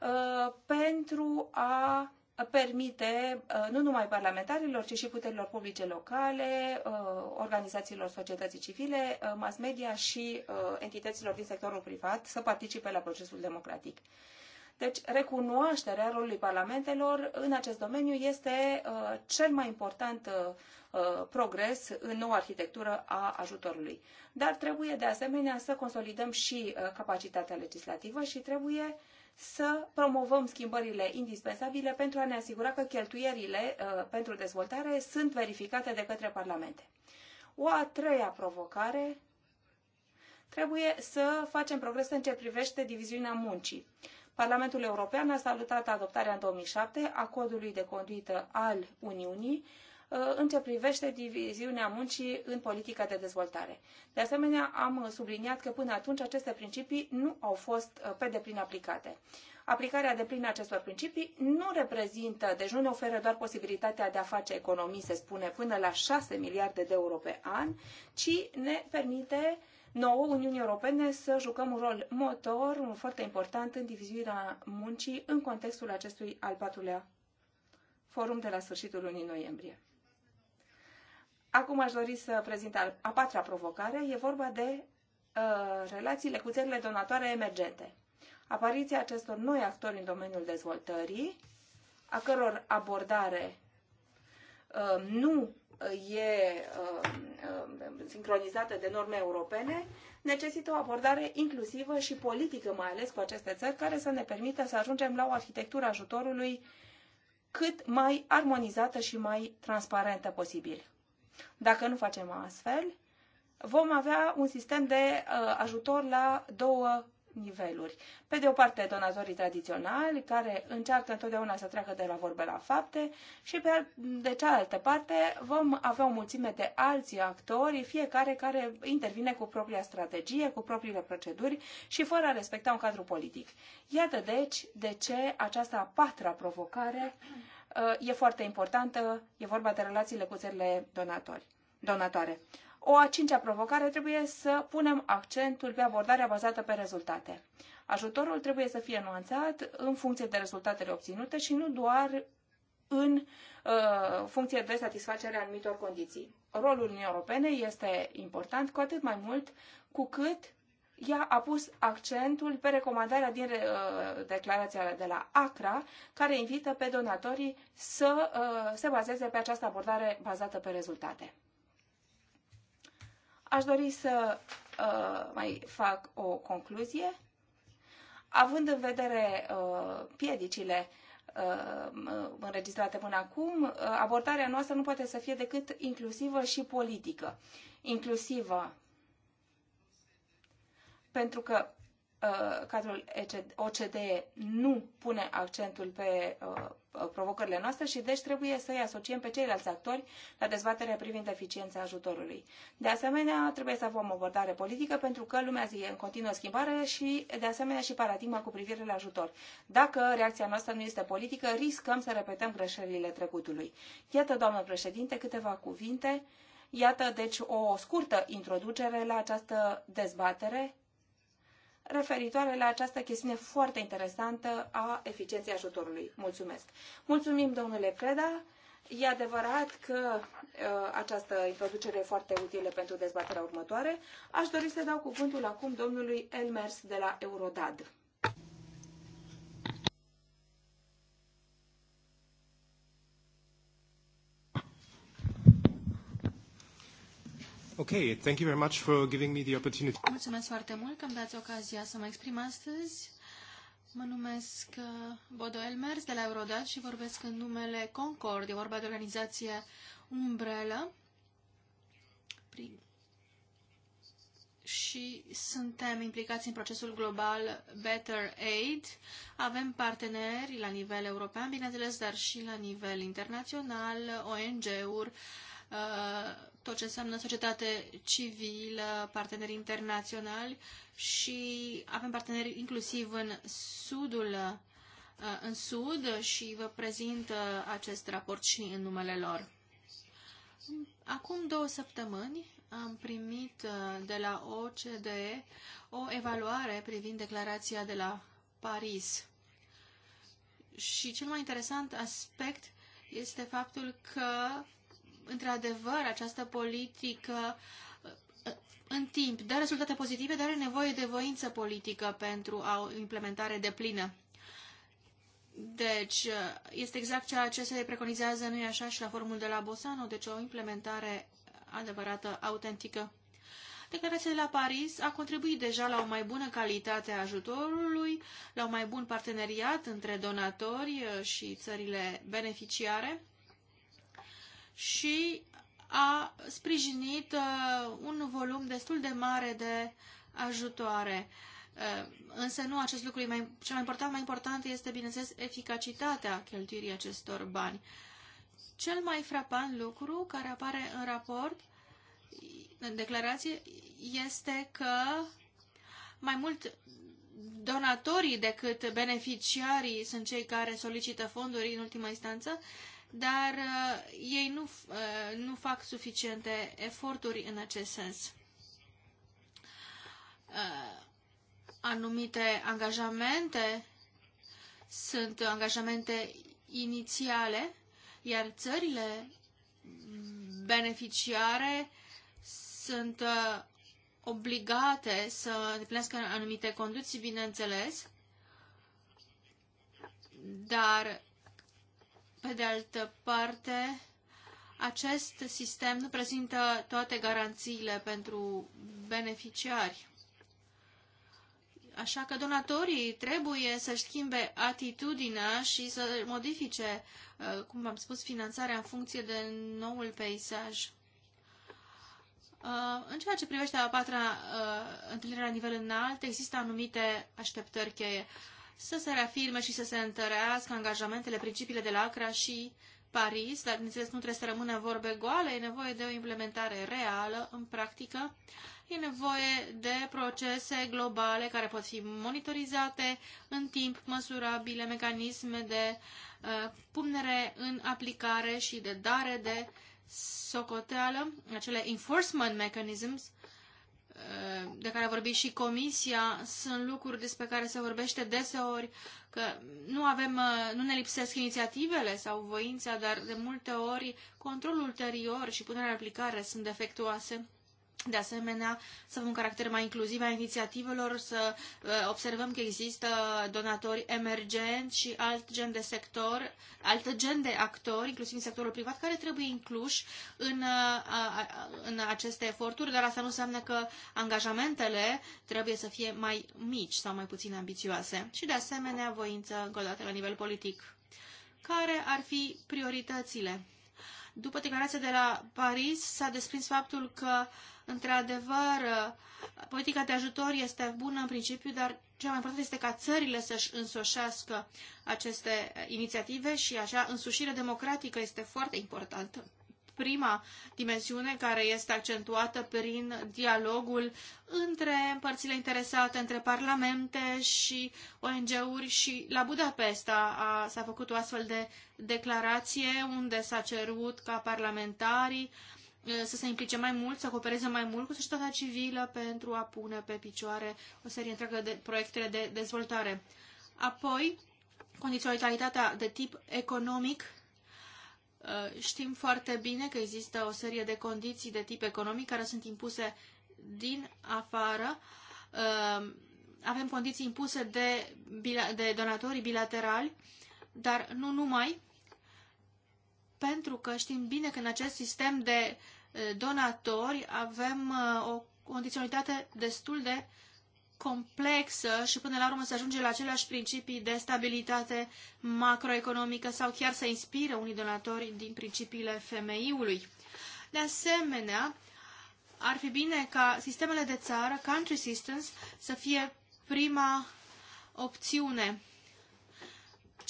uh, pentru a permite uh, nu numai parlamentarilor, ci și puterilor publice locale, uh, organizațiilor societății civile, uh, mass media și entităților din sectorul privat să participe la procesul democratic. Deci, recunoașterea rolului parlamentelor în acest domeniu este cel mai important progres în noua arhitectură a ajutorului. Dar trebuie, de asemenea, să consolidăm și capacitatea legislativă și trebuie să promovăm schimbările indispensabile pentru a ne asigura că cheltuierile uh, pentru dezvoltare sunt verificate de către parlamente. O a treia provocare trebuie să facem progrese în ce privește diviziunea muncii. Parlamentul European a salutat adoptarea în 2007 a codului de conduită al Uniunii, Uh, în ce privește diviziunea muncii în politica de dezvoltare. De asemenea, am subliniat că până atunci aceste principii nu au fost uh, pe deplin aplicate. Aplicarea de plin acestor principii nu reprezintă, deci nu ne oferă doar posibilitatea de a face economii, se spune, până la 6 miliarde de euro pe an, ci ne permite nouă Uniunii Europene să jucăm un rol motor, un foarte important în diviziunea muncii în contextul acestui al patrulea forum de la sfârșitul lunii noiembrie. Acum aș dori să prezint a patra provocare. E vorba de uh, relațiile cu țările donatoare emergente. Apariția acestor noi actori în domeniul dezvoltării, a căror abordare uh, nu uh, e uh, uh, sincronizată de norme europene, necesită o abordare inclusivă și politică, mai ales cu aceste țări, care să ne permită să ajungem la o arhitectură ajutorului cât mai armonizată și mai transparentă posibil. Dacă nu facem astfel, vom avea un sistem de uh, ajutor la două niveluri. Pe de o parte, donatorii tradiționali, care încearcă întotdeauna să treacă de la vorbe la fapte, și pe de cealaltă parte vom avea o mulțime de alți actori, fiecare care intervine cu propria strategie, cu propriile proceduri și fără a respecta un cadru politic. Iată deci de ce această a patra provocare Uh, e foarte importantă. E vorba de relațiile cu țările donatori, donatoare. O a cincea provocare trebuie să punem accentul pe abordarea bazată pe rezultate. Ajutorul trebuie să fie nuanțat în funcție de rezultatele obținute și nu doar în uh, funcție de satisfacerea anumitor condiții. Rolul Uniunii Europene este important cu atât mai mult cu cât ea a pus accentul pe recomandarea din uh, declarația de la ACRA, care invită pe donatorii să uh, se bazeze pe această abordare bazată pe rezultate. Aș dori să uh, mai fac o concluzie. Având în vedere uh, piedicile uh, înregistrate până acum, uh, abordarea noastră nu poate să fie decât inclusivă și politică. Inclusivă pentru că uh, cadrul OCDE nu pune accentul pe uh, provocările noastre și deci trebuie să îi asociem pe ceilalți actori la dezbaterea privind eficiența ajutorului. De asemenea, trebuie să avem o abordare politică pentru că lumea zi e în continuă schimbare și, de asemenea, și paradigma cu privire la ajutor. Dacă reacția noastră nu este politică, riscăm să repetăm greșelile trecutului. Iată, doamnă președinte, câteva cuvinte Iată, deci, o scurtă introducere la această dezbatere referitoare la această chestiune foarte interesantă a eficienței ajutorului. Mulțumesc! Mulțumim, domnule Preda! E adevărat că uh, această introducere e foarte utilă pentru dezbaterea următoare. Aș dori să dau cuvântul acum domnului Elmers de la Eurodad. Ok, thank you very much for giving me the opportunity. Mulțumesc foarte mult că îmi dați ocazia să mă exprim astăzi. Mă numesc uh, Bodo Elmers de la Eurodat și vorbesc în numele Concord. E vorba de organizație umbrelă. Și suntem implicați în procesul global Better Aid. Avem parteneri la nivel european, bineînțeles, dar și la nivel internațional, ONG-uri, uh, tot ce înseamnă societate civilă, parteneri internaționali și avem parteneri inclusiv în sudul uh, în sud și vă prezint uh, acest raport și în numele lor. Acum două săptămâni am primit uh, de la OCDE o evaluare privind declarația de la Paris. Și cel mai interesant aspect este faptul că într-adevăr, această politică uh, în timp dă rezultate pozitive, dar are nevoie de voință politică pentru o implementare de plină. Deci, uh, este exact ceea ce se preconizează, nu-i așa, și la formul de la Bosano, deci o implementare adevărată, autentică. Declarația de la Paris a contribuit deja la o mai bună calitate a ajutorului, la un mai bun parteneriat între donatori uh, și țările beneficiare și a sprijinit uh, un volum destul de mare de ajutoare. Uh, însă nu acest lucru e mai, cel mai important. Mai important este, bineînțeles, eficacitatea cheltuirii acestor bani. Cel mai frapant lucru care apare în raport, în declarație, este că mai mult donatorii decât beneficiarii sunt cei care solicită fonduri în ultima instanță dar uh, ei nu, uh, nu fac suficiente eforturi în acest sens. Uh, anumite angajamente sunt angajamente inițiale, iar țările beneficiare sunt uh, obligate să îndeplinească anumite condiții, bineînțeles, dar pe de altă parte, acest sistem nu prezintă toate garanțiile pentru beneficiari. Așa că donatorii trebuie să-și schimbe atitudinea și să modifice, uh, cum am spus, finanțarea în funcție de noul peisaj. Uh, în ceea ce privește a patra uh, întâlnire la nivel înalt, există anumite așteptări cheie să se reafirme și să se întărească angajamentele, principiile de la Acra și Paris, dar, bineînțeles, nu trebuie să rămână vorbe goale, e nevoie de o implementare reală, în practică, e nevoie de procese globale care pot fi monitorizate în timp, măsurabile, mecanisme de uh, punere în aplicare și de dare de socoteală, acele enforcement mechanisms, de care a vorbit și Comisia sunt lucruri despre care se vorbește deseori, că nu, avem, uh, nu ne lipsesc inițiativele sau voința, dar de multe ori controlul ulterior și punerea în aplicare sunt defectuoase. De asemenea, să avem un caracter mai inclusiv a inițiativelor, să uh, observăm că există donatori emergenți și alt gen de sector, alt gen de actori, inclusiv în sectorul privat, care trebuie incluși în, uh, în aceste eforturi, dar asta nu înseamnă că angajamentele trebuie să fie mai mici sau mai puțin ambițioase. Și, de asemenea, voință, încă o dată, la nivel politic. Care ar fi prioritățile? După declarația de la Paris s-a desprins faptul că uh, Într-adevăr, politica de ajutor este bună în principiu, dar cea mai importantă este ca țările să-și însoșească aceste inițiative și așa însușirea democratică este foarte importantă. Prima dimensiune care este accentuată prin dialogul între părțile interesate, între parlamente și ONG-uri și la Budapesta a, s-a făcut o astfel de declarație unde s-a cerut ca parlamentarii uh, să se implice mai mult, să coopereze mai mult cu societatea civilă pentru a pune pe picioare o serie întreagă de proiecte de dezvoltare. Apoi, condiționalitatea de tip economic. Știm foarte bine că există o serie de condiții de tip economic care sunt impuse din afară. Avem condiții impuse de, de donatorii bilaterali, dar nu numai pentru că știm bine că în acest sistem de donatori avem o condiționalitate destul de complexă și până la urmă să ajunge la aceleași principii de stabilitate macroeconomică sau chiar să inspire unii donatori din principiile femeiului. De asemenea, ar fi bine ca sistemele de țară, country systems, să fie prima opțiune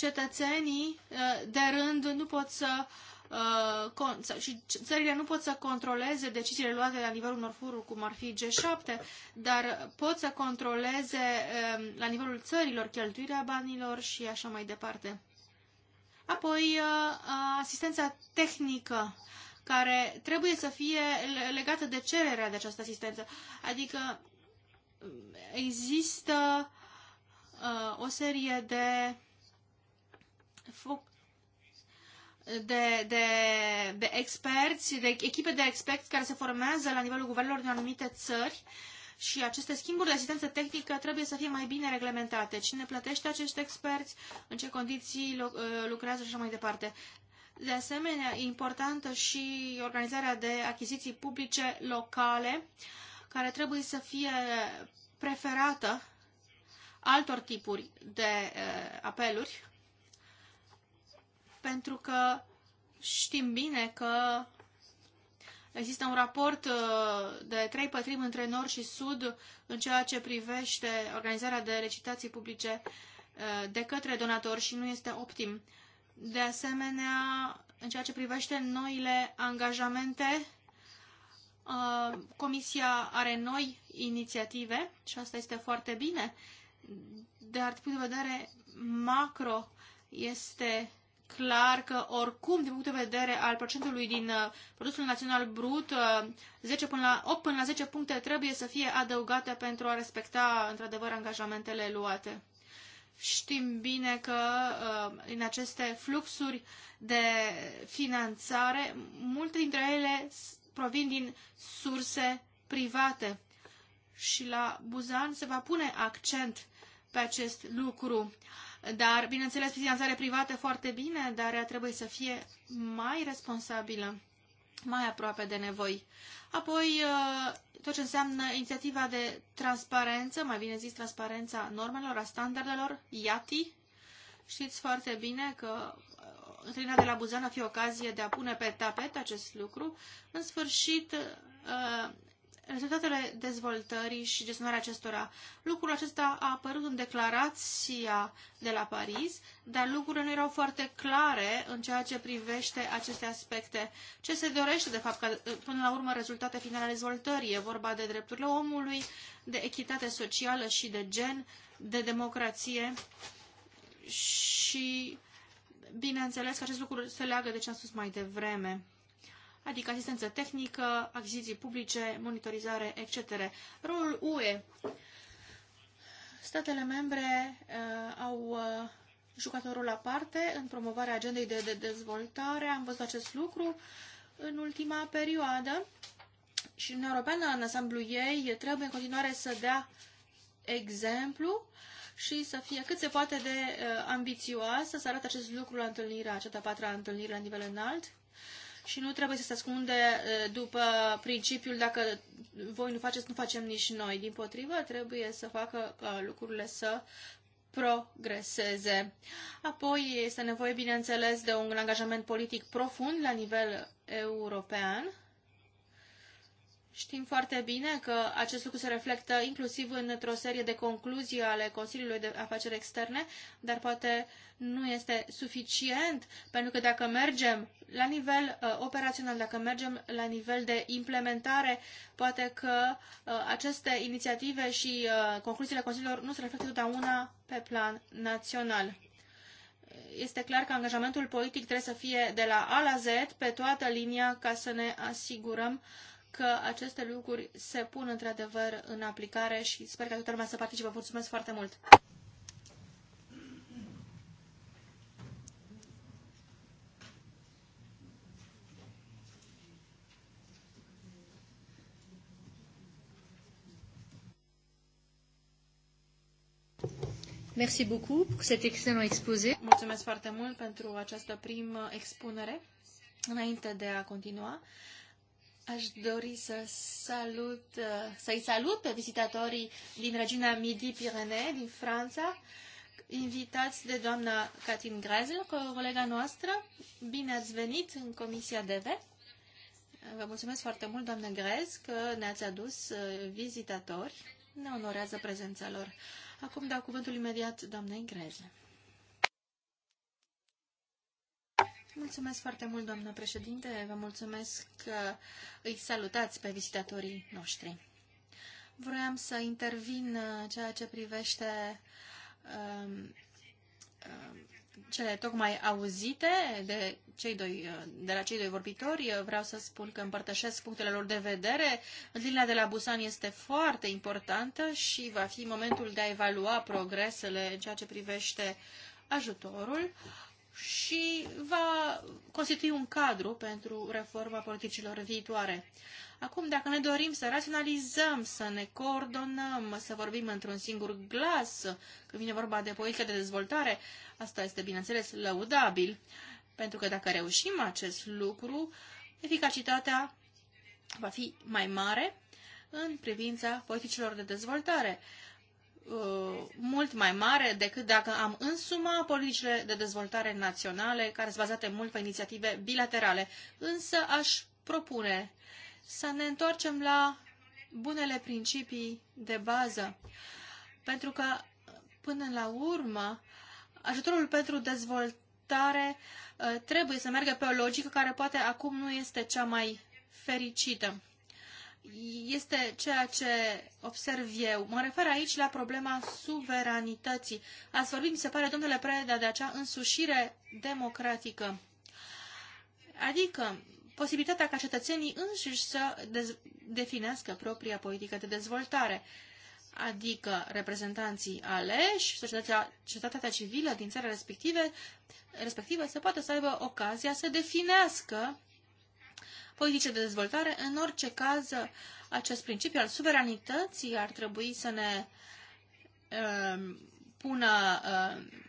cetățenii uh, de rând nu pot uh, să și țările nu pot să controleze deciziile luate la nivelul unor fururi, cum ar fi G7, dar pot să controleze um, la nivelul țărilor cheltuirea banilor și așa mai departe. Apoi, uh, asistența tehnică care trebuie să fie legată de cererea de această asistență. Adică um, există o serie de de, de, de experți, de echipe de experți care se formează la nivelul guvernelor din anumite țări și aceste schimburi de asistență tehnică trebuie să fie mai bine reglementate. Cine plătește acești experți, în ce condiții uh, lucrează și așa mai departe. De asemenea, e importantă și organizarea de achiziții publice locale, care trebuie să fie preferată altor tipuri de uh, apeluri pentru că știm bine că există un raport uh, de trei pătrimi între nord și sud în ceea ce privește organizarea de recitații publice uh, de către donatori și nu este optim. De asemenea, în ceea ce privește noile angajamente, uh, Comisia are noi inițiative și asta este foarte bine. De punct de vedere macro este clar că oricum, din punct de vedere al procentului din uh, produsul național brut, 10 uh, până la, 8 până la 10 puncte trebuie să fie adăugate pentru a respecta într-adevăr angajamentele luate. Știm bine că uh, în aceste fluxuri de finanțare, multe dintre ele provin din surse private. Și la Buzan se va pune accent pe acest lucru. Uh, dar, bineînțeles, finanțare privată foarte bine, dar ea trebuie să fie mai responsabilă, mai aproape de nevoi. Apoi, uh, tot ce înseamnă inițiativa de transparență, mai bine zis transparența normelor, a standardelor, IATI. Știți foarte bine că uh, întâlnirea de la Buzan a fi ocazie de a pune pe tapet acest lucru. În sfârșit, uh, rezultatele dezvoltării și gestionarea acestora. Lucrul acesta a apărut în declarația de la Paris, dar lucrurile nu erau foarte clare în ceea ce privește aceste aspecte. Ce se dorește, de fapt, ca, uh, până la urmă, rezultate finale ale dezvoltării? E vorba de drepturile omului, de echitate socială și de gen, de democrație și, bineînțeles, că acest lucru se leagă de ce am spus mai devreme adică asistență tehnică, achiziții publice, monitorizare, etc. Rolul UE. Statele membre uh, au uh, jucat un rol aparte în promovarea agendei de, de dezvoltare. Am văzut acest lucru în ultima perioadă și Uniunea Europeană, în asamblu ei, trebuie în continuare să dea exemplu și să fie cât se poate de uh, ambițioasă, să arate acest lucru la întâlnirea, cea patra întâlnire la nivel înalt, și nu trebuie să se ascunde după principiul dacă voi nu faceți, nu facem nici noi. Din potrivă, trebuie să facă lucrurile să progreseze. Apoi este nevoie, bineînțeles, de un angajament politic profund la nivel european Știm foarte bine că acest lucru se reflectă inclusiv într-o serie de concluzii ale Consiliului de Afaceri Externe, dar poate nu este suficient, pentru că dacă mergem la nivel uh, operațional, dacă mergem la nivel de implementare, poate că uh, aceste inițiative și uh, concluziile Consiliilor nu se reflectă totdeauna pe plan național. Este clar că angajamentul politic trebuie să fie de la A la Z, pe toată linia, ca să ne asigurăm uh, că aceste lucruri se pun într-adevăr în aplicare și sper că toată lumea să participe. mulțumesc foarte mult! Merci beaucoup pour cet excellent exposé. Mulțumesc foarte mult pentru această primă expunere. Înainte de a continua, Aș dori să salut, uh, să-i salut pe vizitatorii din regiunea Midi-Pirene, din Franța, invitați de doamna Catin Grezel, colega noastră. Bine ați venit în Comisia DV. Vă mulțumesc foarte mult, doamnă Grez, că ne-ați adus uh, vizitatori. Ne onorează prezența lor. Acum dau cuvântul imediat doamnei Grezel. Mulțumesc foarte mult, doamnă președinte. Vă mulțumesc că îi salutați pe vizitatorii noștri. Vroiam să intervin uh, ceea ce privește um, um, cele tocmai auzite de, cei doi, uh, de la cei doi vorbitori. Eu vreau să spun că împărtășesc punctele lor de vedere. Întâlnirea de la Busan este foarte importantă și va fi momentul de a evalua progresele în ceea ce privește ajutorul. Uh, și va constitui un cadru pentru reforma politicilor viitoare. Acum, dacă ne dorim să raționalizăm, să ne coordonăm, să vorbim într-un singur glas, când vine vorba de poziția de dezvoltare, asta este, bineînțeles, lăudabil, pentru că dacă reușim acest lucru, eficacitatea va fi mai mare în privința politicilor de dezvoltare. Uh, mult mai mare decât dacă am însuma politicile de dezvoltare naționale, care sunt bazate mult pe inițiative bilaterale. Însă aș propune să ne întoarcem la bunele principii de bază, pentru că, până la urmă, ajutorul pentru dezvoltare uh, trebuie să meargă pe o logică care poate acum nu este cea mai fericită este ceea ce observ eu. Mă refer aici la problema suveranității. Ați vorbit, mi se pare, domnule Preda, de acea însușire democratică. Adică, posibilitatea ca cetățenii înșiși să definească propria politică de dezvoltare, adică reprezentanții aleși, societatea, societatea civilă din țara respective, respectivă să poată să aibă ocazia să definească politice de dezvoltare. În orice caz, acest principiu al suveranității ar trebui să ne uh, pună uh,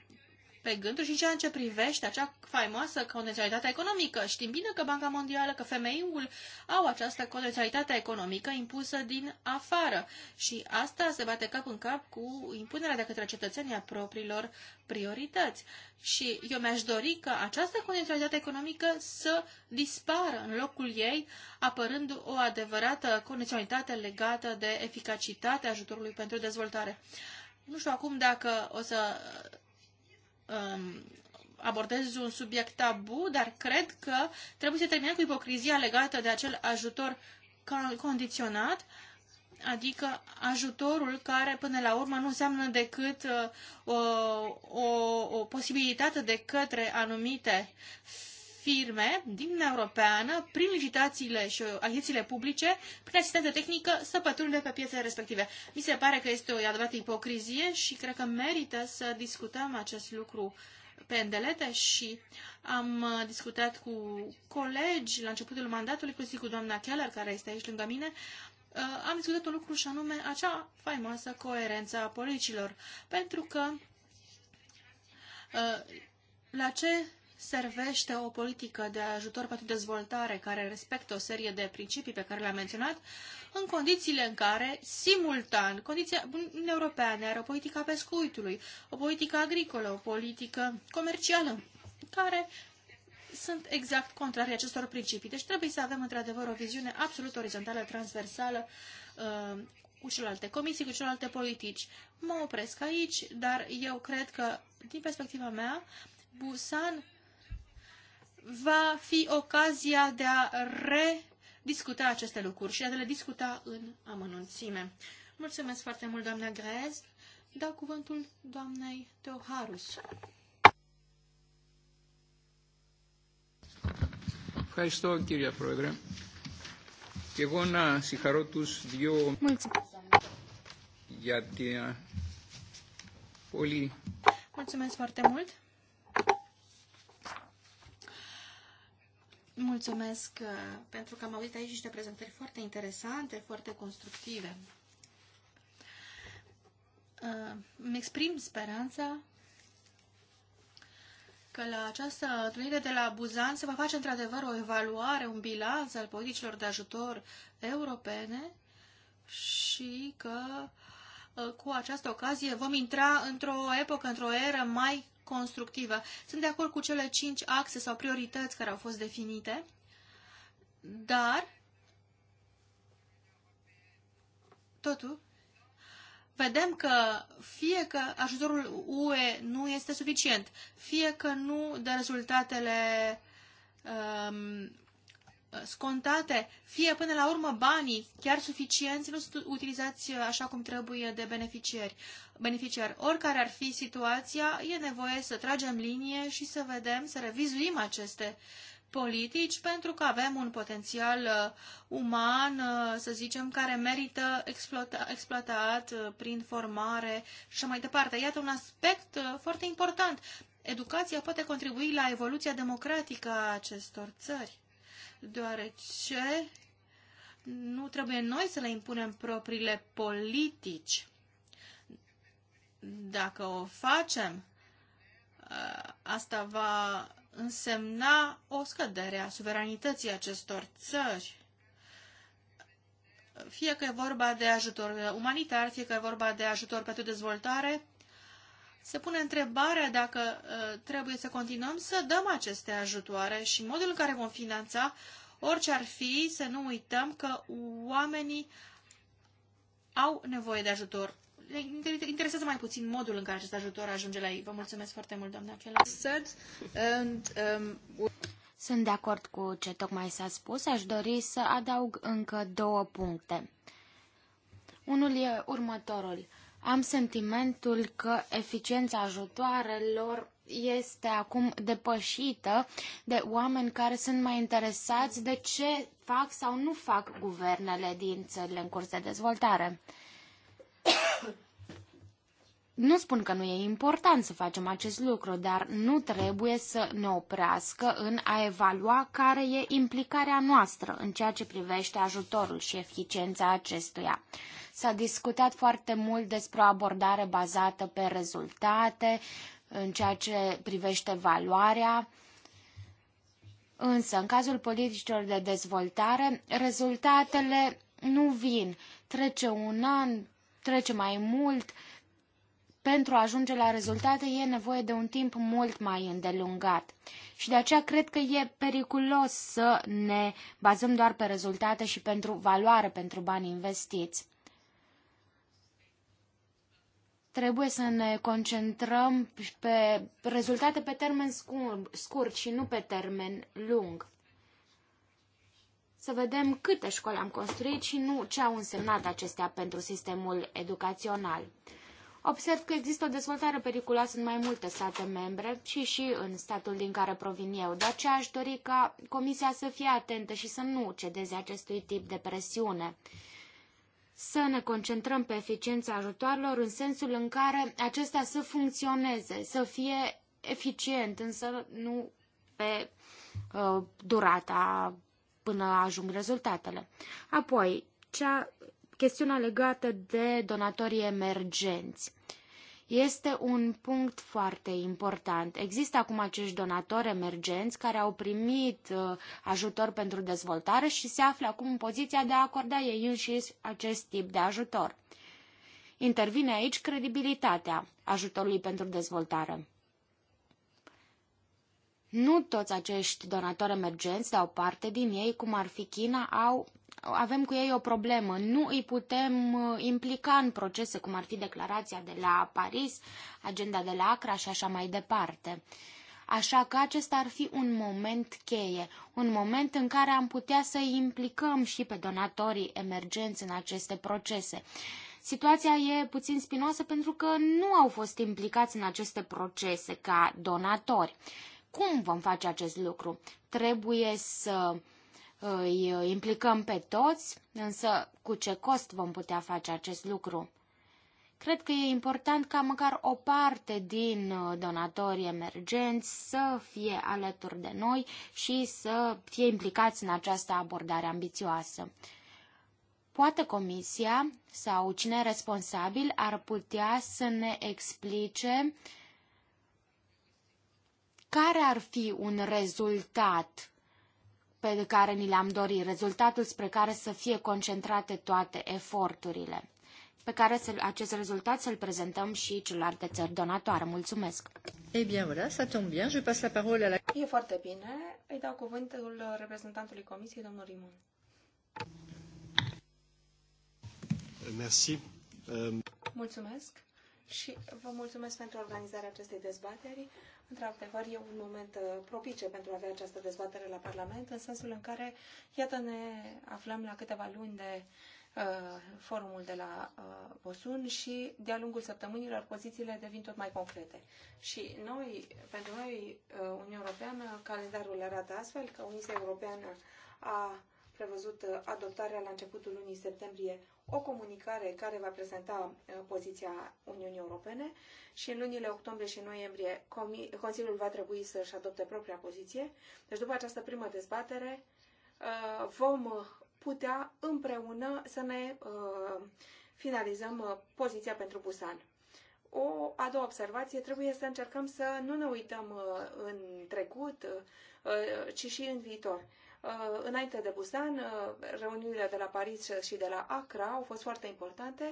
pe gânduri și ceea ce privește acea faimoasă condiționalitate economică. Știm bine că Banca Mondială, că femeiul au această condiționalitate economică impusă din afară și asta se bate cap în cap cu impunerea de către cetățenii a propriilor priorități. Și eu mi-aș dori că această condiționalitate economică să dispară în locul ei, apărând o adevărată condiționalitate legată de eficacitatea ajutorului pentru dezvoltare. Nu știu acum dacă o să um, abordez un subiect tabu, dar cred că trebuie să terminăm cu ipocrizia legată de acel ajutor condiționat, adică ajutorul care până la urmă nu înseamnă decât uh, o, o, o posibilitate de către anumite firme din Uniunea Europeană, prin licitațiile și achizițiile publice, prin asistență tehnică, să pătrunde pe piețele respective. Mi se pare că este o adevărată ipocrizie și cred că merită să discutăm acest lucru pe îndelete și am uh, discutat cu colegi la începutul mandatului, inclusiv cu doamna Keller, care este aici lângă mine, uh, am discutat un lucru și anume acea faimoasă coerență a politicilor. Pentru că uh, la ce servește o politică de ajutor pentru dezvoltare care respectă o serie de principii pe care le-am menționat, în condițiile în care, simultan, condiția Uniunea Europeană are o politică a pescuitului, o politică agricolă, o politică comercială, care sunt exact contrarii acestor principii. Deci trebuie să avem, într-adevăr, o viziune absolut orizontală, transversală, uh, cu celelalte comisii, cu celelalte politici. Mă opresc aici, dar eu cred că, din perspectiva mea, Busan va fi ocazia de a rediscuta aceste lucruri și de a le discuta în amănunțime. Mulțumesc foarte mult, doamna Grez. Dau cuvântul doamnei Teoharus. Ευχαριστώ κύριε Πρόεδρε. Και εγώ να συγχαρώ τους δύο για την πολύ... Mulțumesc foarte mult. Mulțumesc uh, pentru că am auzit aici niște prezentări foarte interesante, foarte constructive. Uh, îmi exprim speranța că la această întâlnire de la Buzan se va face într-adevăr o evaluare, un bilanț al politicilor de ajutor europene și că uh, cu această ocazie vom intra într-o epocă, într-o eră mai constructivă. Sunt de acord cu cele cinci axe sau priorități care au fost definite, dar totul vedem că fie că ajutorul UE nu este suficient, fie că nu dă rezultatele um, scontate, fie până la urmă banii chiar suficienți nu sunt utilizați uh, așa cum trebuie de beneficiari. beneficiari. Oricare ar fi situația, e nevoie să tragem linie și să vedem, să revizuim aceste politici pentru că avem un potențial uh, uman, uh, să zicem, care merită exploata, exploatat uh, prin formare și mai departe. Iată un aspect uh, foarte important. Educația poate contribui la evoluția democratică a acestor țări deoarece nu trebuie noi să le impunem propriile politici. Dacă o facem, ă, asta va însemna o scădere a suveranității acestor țări. Fie că e vorba de ajutor umanitar, fie că e vorba de ajutor pentru dezvoltare, se pune întrebarea dacă uh, trebuie să continuăm să dăm aceste ajutoare și modul în care vom finanța, orice ar fi, să nu uităm că oamenii au nevoie de ajutor. Le interesează mai puțin modul în care acest ajutor ajunge la ei. Vă mulțumesc foarte mult, doamna Chela. Um, Sunt de acord cu ce tocmai s-a spus. Aș dori să adaug încă două puncte. Unul e următorul am sentimentul că eficiența ajutoarelor este acum depășită de oameni care sunt mai interesați de ce fac sau nu fac guvernele din țările în curs de dezvoltare. Nu spun că nu e important să facem acest lucru, dar nu trebuie să ne oprească în a evalua care e implicarea noastră în ceea ce privește ajutorul și eficiența acestuia. S-a discutat foarte mult despre o abordare bazată pe rezultate, în ceea ce privește valoarea, însă în cazul politicilor de dezvoltare, rezultatele nu vin. Trece un an, trece mai mult, uh, pentru a ajunge la rezultate e nevoie de un timp mult mai îndelungat. Și de aceea cred că e periculos să ne bazăm doar pe rezultate și pentru valoare pentru bani investiți. Trebuie să ne concentrăm pe rezultate pe termen scurt, scurt și nu pe termen lung. Să vedem câte școli am construit și nu ce au însemnat acestea pentru sistemul educațional. Observ că există o dezvoltare periculoasă în mai multe state membre și și în statul din care provin eu. De aceea aș dori ca Comisia să fie atentă și să nu cedeze acestui tip de presiune. Să ne concentrăm pe eficiența ajutoarelor în sensul în care acestea să funcționeze, să fie eficient, însă nu pe uh, durata până ajung rezultatele. Apoi, cea chestiunea legată de donatorii emergenți. Este un punct foarte important. Există acum acești donatori emergenți care au primit uh, ajutor pentru dezvoltare și se află acum în poziția de a acorda ei înșiși acest tip de ajutor. Intervine aici credibilitatea ajutorului pentru dezvoltare. Nu toți acești donatori emergenți sau parte din ei, cum ar fi China, au avem cu ei o problemă. Nu îi putem uh, implica în procese cum ar fi declarația de la Paris, agenda de la Acra și așa mai departe. Așa că acesta ar fi un moment cheie, un moment în care am putea să îi implicăm și pe donatorii emergenți în aceste procese. Situația e puțin spinoasă pentru că nu au fost implicați în aceste procese ca donatori. Cum vom face acest lucru? Trebuie să îi implicăm pe toți, însă cu ce cost vom putea face acest lucru? Cred că e important ca măcar o parte din uh, donatorii emergenți să fie alături de noi și să fie implicați în această abordare ambițioasă. Poate comisia sau cine responsabil ar putea să ne explice care ar fi un rezultat pe care ni le-am dorit, rezultatul spre care să fie concentrate toate eforturile, pe care să, acest rezultat să-l prezentăm și celorlalte țări donatoare. Mulțumesc! Eh bien, voilà, ça tombe bien. Je passe la parole à la... E foarte bine. Îi dau cuvântul reprezentantului Comisiei, domnul Rimun. Merci. Euh, mulțumesc și vă mulțumesc pentru organizarea acestei dezbateri. Într-adevăr, e un moment uh, propice pentru a avea această dezbatere la Parlament, în sensul în care, iată, ne aflăm la câteva luni de uh, forumul de la uh, Bosun și, de-a lungul săptămânilor, pozițiile devin tot mai concrete. Și noi, pentru noi, uh, Uniunea Europeană, calendarul arată astfel că Uniunea Europeană a prevăzută uh, adoptarea la începutul lunii septembrie o comunicare care va prezenta uh, poziția Uniunii Europene și în lunile octombrie și noiembrie Consiliul va trebui să-și adopte propria poziție. Deci după această primă dezbatere uh, vom putea împreună să ne finalizăm poziția pentru Busan. O a doua observație, trebuie să încercăm să nu ne uităm în trecut, ci și în viitor. Uh, înainte de Busan, uh, reuniunile de la Paris și de la Accra au fost foarte importante.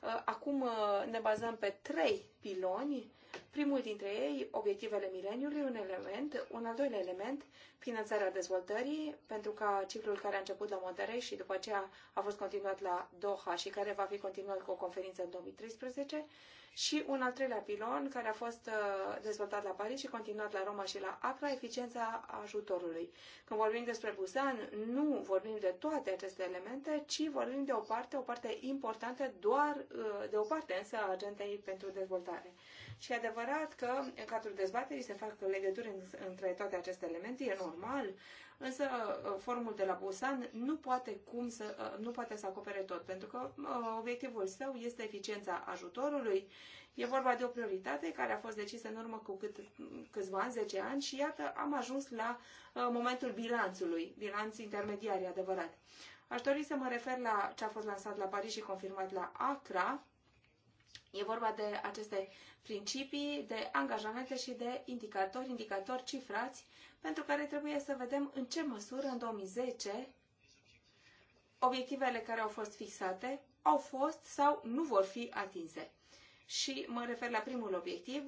Uh, acum ne bazăm pe trei piloni Primul dintre ei, obiectivele mileniului, un element, un al doilea element, finanțarea dezvoltării, pentru ca ciclul care a început la Monterey și după aceea a fost continuat la Doha și care va fi continuat cu o conferință în 2013, și un al treilea pilon care a fost uh, dezvoltat la Paris și continuat la Roma și la Acra, eficiența ajutorului. Când vorbim despre Busan, nu vorbim de toate aceste elemente, ci vorbim de o parte, o parte importantă, doar uh, de o parte însă a agentei pentru dezvoltare. Și e adevărat că în cadrul dezbaterii se fac legături între toate aceste elemente, e normal, însă uh, formul de la Busan nu poate, cum să, uh, nu poate să acopere tot, pentru că uh, obiectivul său este eficiența ajutorului. E vorba de o prioritate care a fost decisă în urmă cu cât, câțiva ani, 10 ani și iată am ajuns la momentul bilanțului, bilanț intermediar, e adevărat. Aș dori să mă refer la ce a fost lansat la Paris și confirmat la Accra, E vorba de aceste principii, de angajamente și de indicatori, indicatori cifrați, pentru care trebuie să vedem în ce măsură în 2010 obiectivele care au fost fixate au fost sau nu vor fi atinse. Și mă refer la primul obiectiv,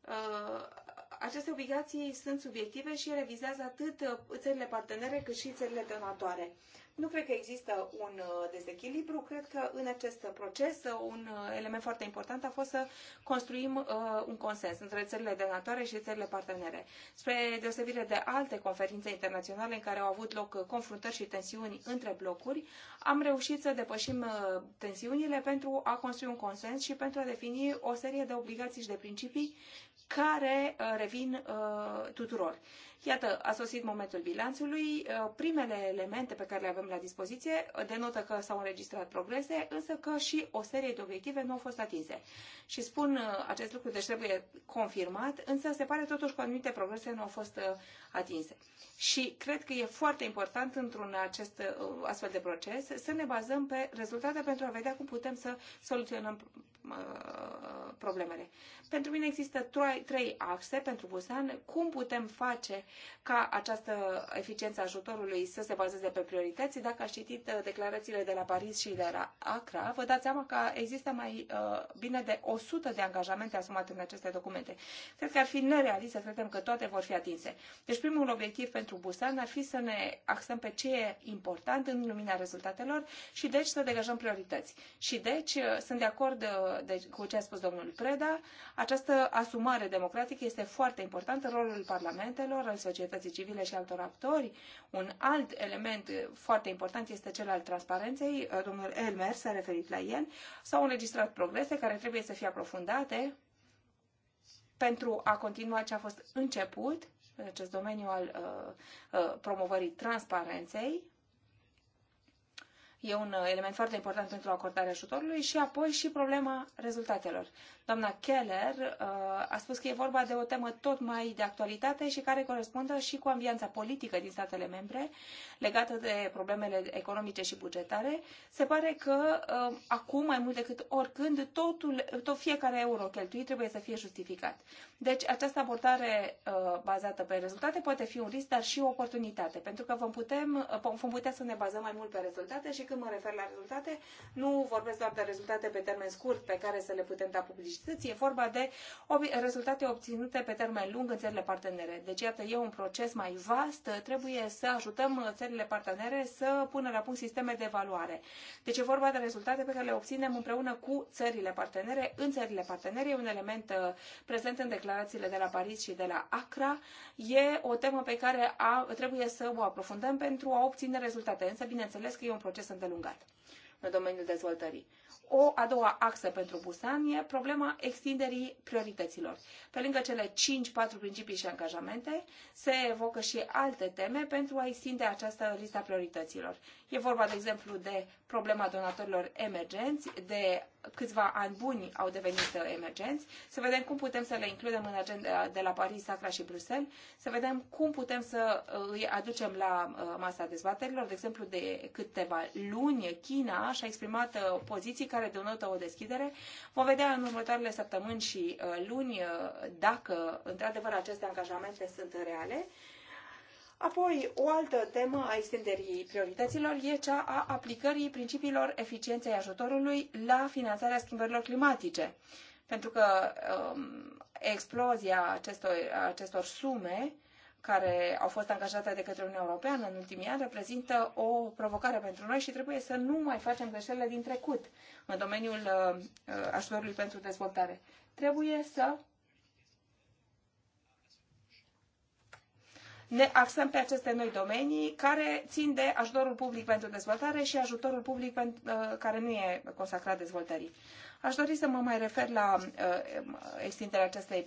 uh, aceste obligații sunt subiective și ele vizează atât uh, țările partenere cât și țările donatoare. Nu cred că există un uh, dezechilibru, cred că în acest proces uh, un element foarte important a fost să construim un consens între țările donatoare și țările partenere. Spre deosebire de alte conferințe internaționale în care au avut loc confruntări și tensiuni între blocuri, am reușit să depășim tensiunile pentru a construi un consens și pentru a defini o serie de obligații și de principii care uh, revin uh, tuturor. Iată, a sosit momentul bilanțului. Uh, primele elemente pe care le avem la dispoziție uh, denotă că s-au înregistrat progrese, însă că și o serie de obiective nu au fost atinse. Și spun uh, acest lucru, deci trebuie confirmat, însă se pare totuși că anumite progrese nu au fost atinse. Și cred că e foarte important într-un acest astfel de proces să ne bazăm pe rezultate pentru a vedea cum putem să soluționăm problemele. Pentru mine există trei axe pentru Busan, cum putem face ca această eficiență ajutorului să se bazeze pe priorități. Dacă ați citit uh, declarațiile de la Paris și de la Accra, vă dați seama că există mai uh, bine de 100 de angajamente asumate în aceste documente. Cred că ar fi nerealist să credem că toate vor fi atinse. Deci primul obiectiv pentru Busan ar fi să ne axăm pe ce e important în lumina rezultatelor și deci să degajăm priorități. Și deci uh, sunt de acord de, cu ce a spus domnul Preda, această asumare democratică este foarte importantă, rolul parlamentelor, societății civile și altor actori. Un alt element foarte important este cel al transparenței. Uh, domnul Elmer s-a referit la el. S-au înregistrat progrese care trebuie să fie aprofundate pentru a continua ce a fost început în acest domeniu al uh, uh, promovării transparenței. E un element foarte important pentru acordarea ajutorului și apoi și problema rezultatelor. Doamna Keller uh, a spus că e vorba de o temă tot mai de actualitate și care corespundă și cu ambianța politică din statele membre legată de problemele economice și bugetare. Se pare că uh, acum, mai mult decât oricând, totul, tot fiecare euro cheltuit trebuie să fie justificat. Deci această abordare uh, bazată pe rezultate poate fi un risc, dar și o oportunitate, pentru că vom, putem, vom putea să ne bazăm mai mult pe rezultate și când mă refer la rezultate, nu vorbesc doar de rezultate pe termen scurt pe care să le putem da public publicității. E vorba de rezultate obținute pe termen lung în țările partenere. Deci, iată, e un proces mai vast. Trebuie să ajutăm țările partenere să pună la punct sisteme de evaluare. Deci e vorba de rezultate pe care le obținem împreună cu țările partenere. În țările partenere e un element uh, prezent în declarațiile de la Paris și de la Accra. E o temă pe care a, trebuie să o aprofundăm pentru a obține rezultate. Însă, bineînțeles că e un proces îndelungat în domeniul dezvoltării o a doua axă pentru Busan e problema extinderii priorităților. Pe lângă cele 5-4 principii și angajamente, se evocă și alte teme pentru a extinde această lista priorităților. E vorba, de exemplu, de problema donatorilor emergenți. De câțiva ani buni au devenit uh, emergenți. Să vedem cum putem să le includem în agenda de la Paris, Sacra și Bruxelles. Să vedem cum putem să uh, îi aducem la uh, masa dezbaterilor. De exemplu, de câteva luni, China și-a exprimat poziții care denotă o deschidere. Vom vedea în următoarele săptămâni și luni dacă, într-adevăr, aceste angajamente sunt reale Apoi, o altă temă a extinderii priorităților e cea a aplicării principiilor eficienței ajutorului la finanțarea schimbărilor climatice. Pentru că um, explozia acestor, acestor sume care au fost angajate de către Uniunea Europeană în ultimii ani reprezintă o provocare pentru noi și trebuie să nu mai facem greșelile din trecut în domeniul uh, ajutorului pentru dezvoltare. Trebuie să ne axăm pe aceste noi domenii care țin de ajutorul public pentru dezvoltare și ajutorul public pentru, uh, care nu e consacrat dezvoltării. Aș dori să mă mai refer la uh, extinderea acestei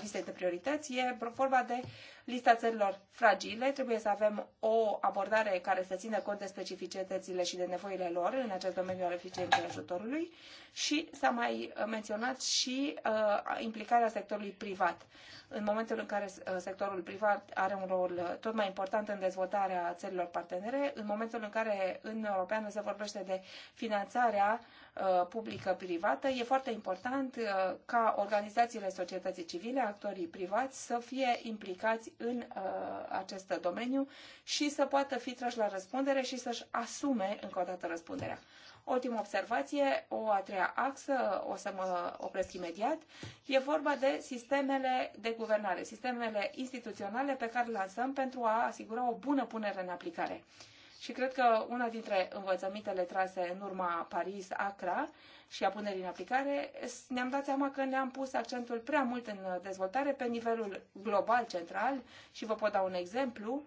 liste de priorități. E vorba de lista țărilor fragile. Trebuie să avem o abordare care să țină cont de specificitățile și de nevoile lor în acest domeniu al eficienței ajutorului și s-a mai menționat și uh, implicarea sectorului privat. În momentul în care uh, sectorul privat are un rol tot mai important în dezvoltarea țărilor partenere, în momentul în care în Europeană se vorbește de finanțarea uh, Uh, publică-privată, e foarte important uh, ca organizațiile societății civile, actorii privați, să fie implicați în uh, acest domeniu și să poată fi trași la răspundere și să-și asume încă o dată răspunderea. Ultima observație, o a treia axă, o să mă opresc imediat, e vorba de sistemele de guvernare, sistemele instituționale pe care le lansăm pentru a asigura o bună punere în aplicare. Uh, și cred că una dintre învățămintele trase în urma Paris-Acra și a punerii în aplicare, ne-am dat seama că ne-am pus accentul prea mult în dezvoltare pe nivelul global central și vă pot da un exemplu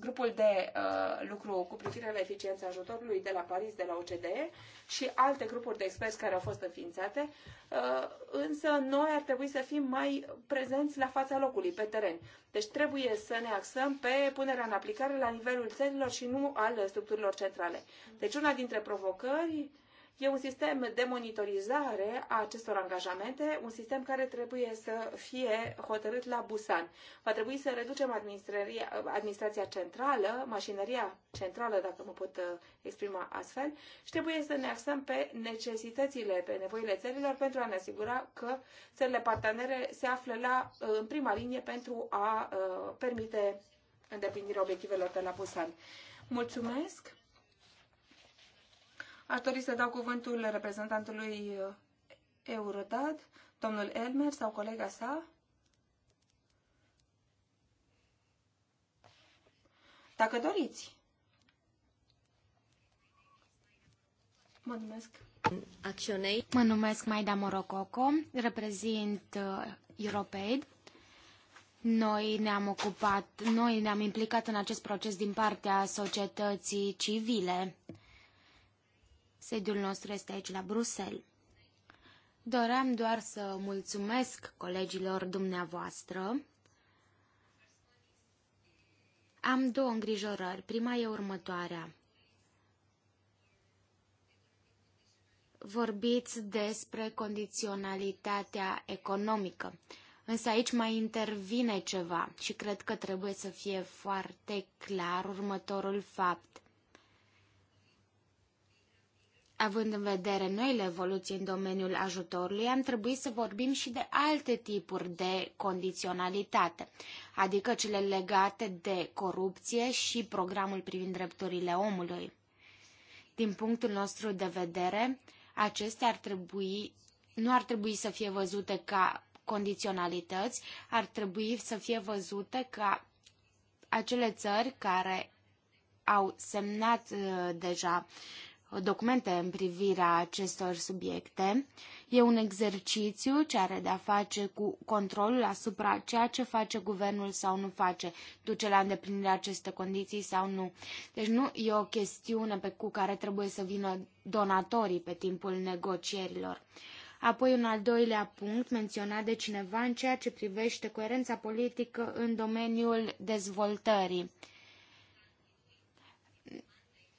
grupul de uh, lucru cu privire la eficiența ajutorului de la Paris, de la OCDE și alte grupuri de experți care au fost înființate, uh, însă noi ar trebui să fim mai prezenți la fața locului, pe teren. Deci trebuie să ne axăm pe punerea în aplicare la nivelul țărilor și nu al structurilor centrale. Deci una dintre provocări uh, E un sistem de monitorizare a acestor angajamente, un sistem care trebuie să fie hotărât la Busan. Va trebui să reducem administrația, centrală, mașinăria centrală, dacă mă pot uh, exprima astfel, și trebuie să ne axăm pe necesitățile, pe nevoile țărilor pentru a ne asigura că țările partenere se află la, uh, în prima linie pentru a uh, permite îndeplinirea obiectivelor de la Busan. Mulțumesc! Aș dori să dau cuvântul reprezentantului uh, Eurodad, domnul Elmer sau colega sa. Dacă doriți. Mă numesc. Acționei. Mă numesc Maida Morococo, reprezint uh, Europaid. Noi ne-am ocupat, noi ne-am implicat în acest proces din partea societății civile. Sediul nostru este aici la Bruxelles. Doream doar să mulțumesc colegilor dumneavoastră. Am două îngrijorări. Prima e următoarea. Vorbiți despre condiționalitatea economică. Însă aici mai intervine ceva și cred că trebuie să fie foarte clar următorul fapt. Având în vedere noile evoluții în domeniul ajutorului, am trebuit să vorbim și de alte tipuri de condiționalitate, adică cele legate de corupție și programul privind drepturile omului. Din punctul nostru de vedere, acestea ar trebui, nu ar trebui să fie văzute ca condiționalități, ar trebui să fie văzute ca acele țări care au semnat uh, deja uh, documente în privirea acestor subiecte. E un exercițiu ce are de-a face cu controlul asupra ceea ce face guvernul sau nu face, duce la îndeplinirea aceste condiții sau nu. Deci nu e o chestiune pe cu care trebuie să vină donatorii pe timpul negocierilor. Apoi un al doilea punct menționat de cineva în ceea ce privește coerența politică în domeniul dezvoltării.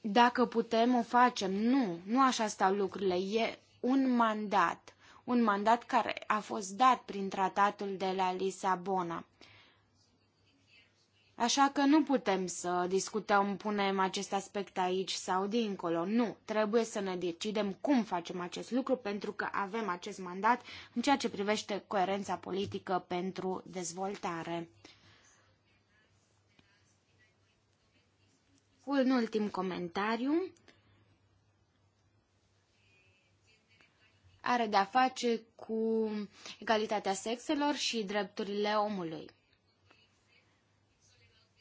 Dacă putem, o facem. Nu, nu așa stau lucrurile. E un mandat. Un mandat care a fost dat prin tratatul de la Lisabona. Așa că nu putem să discutăm, punem acest aspect aici sau dincolo. Nu, trebuie să ne decidem cum facem acest lucru pentru că avem acest mandat în ceea ce privește coerența politică pentru dezvoltare. Un ultim comentariu are de-a face cu egalitatea sexelor și drepturile omului.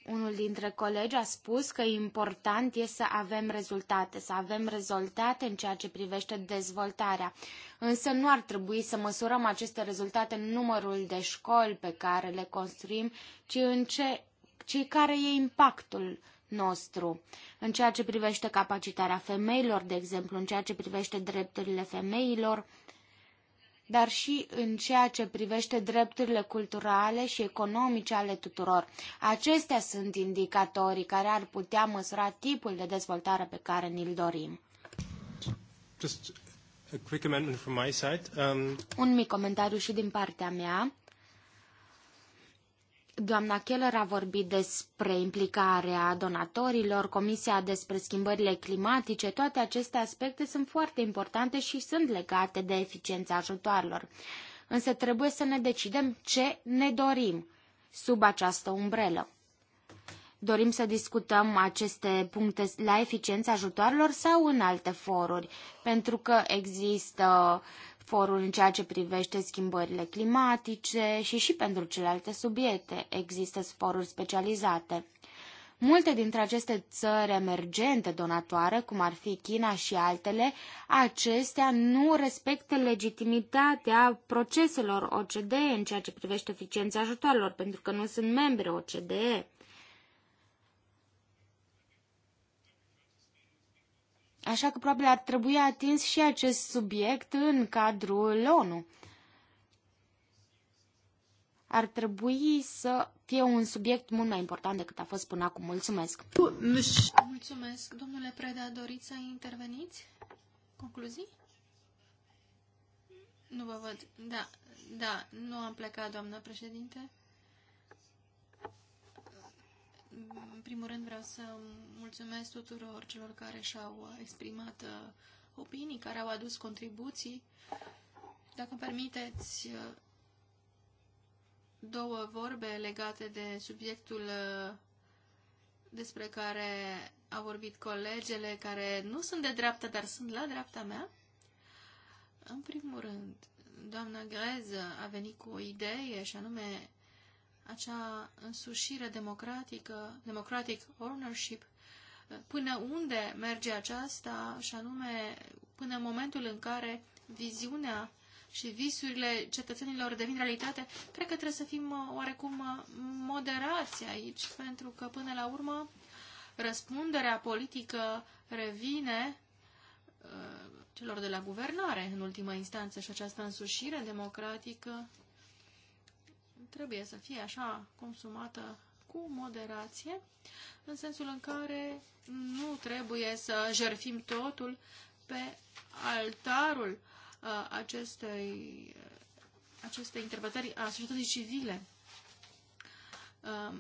Unul dintre colegi a spus că important e să avem rezultate, să avem rezultate în ceea ce privește dezvoltarea. Însă nu ar trebui să măsurăm aceste rezultate în numărul de școli pe care le construim, ci în ce, ci care e impactul nostru. În ceea ce privește capacitarea femeilor, de exemplu, în ceea ce privește drepturile femeilor, dar și în ceea ce privește drepturile culturale și economice ale tuturor. Acestea sunt indicatorii care ar putea măsura tipul de dezvoltare pe care ni-l dorim. Just a quick amendment from my side. Um... Un mic comentariu și din partea mea. Doamna Keller a vorbit despre implicarea donatorilor, Comisia despre schimbările climatice, toate aceste aspecte sunt foarte importante și sunt legate de eficiența ajutoarelor. Însă trebuie să ne decidem ce ne dorim sub această umbrelă. Dorim să discutăm aceste puncte la eficiența ajutoarelor sau în alte foruri, pentru că există forul în ceea ce privește schimbările climatice și și pentru celelalte subiecte există foruri specializate. Multe dintre aceste țări emergente donatoare, cum ar fi China și altele, acestea nu respectă legitimitatea proceselor OCDE în ceea ce privește eficiența ajutoarelor, pentru că nu sunt membre OCDE. Așa că probabil ar trebui atins și acest subiect în cadrul ONU. Ar trebui să fie un subiect mult mai important decât a fost până acum. Mulțumesc! Mulțumesc! Domnule Preda, doriți să interveniți? Concluzii? Nu vă văd. Da, da, nu am plecat, doamnă președinte. În primul rând vreau să mulțumesc tuturor celor care și-au exprimat uh, opinii, care au adus contribuții. Dacă îmi permiteți uh, două vorbe legate de subiectul uh, despre care au vorbit colegele care nu sunt de dreapta, dar sunt la dreapta mea. În primul rând, doamna Greză a venit cu o idee și anume acea însușire democratică, democratic ownership, până unde merge aceasta și anume până în momentul în care viziunea și visurile cetățenilor devin realitate, cred că trebuie să fim uh, oarecum uh, moderați aici, pentru că până la urmă răspunderea politică revine uh, celor de la guvernare, în ultima instanță, și această însușire democratică trebuie să fie așa consumată cu moderație, în sensul în care nu trebuie să jerfim totul pe altarul uh, acestei, uh, acestei interpretări a societății civile. Uh,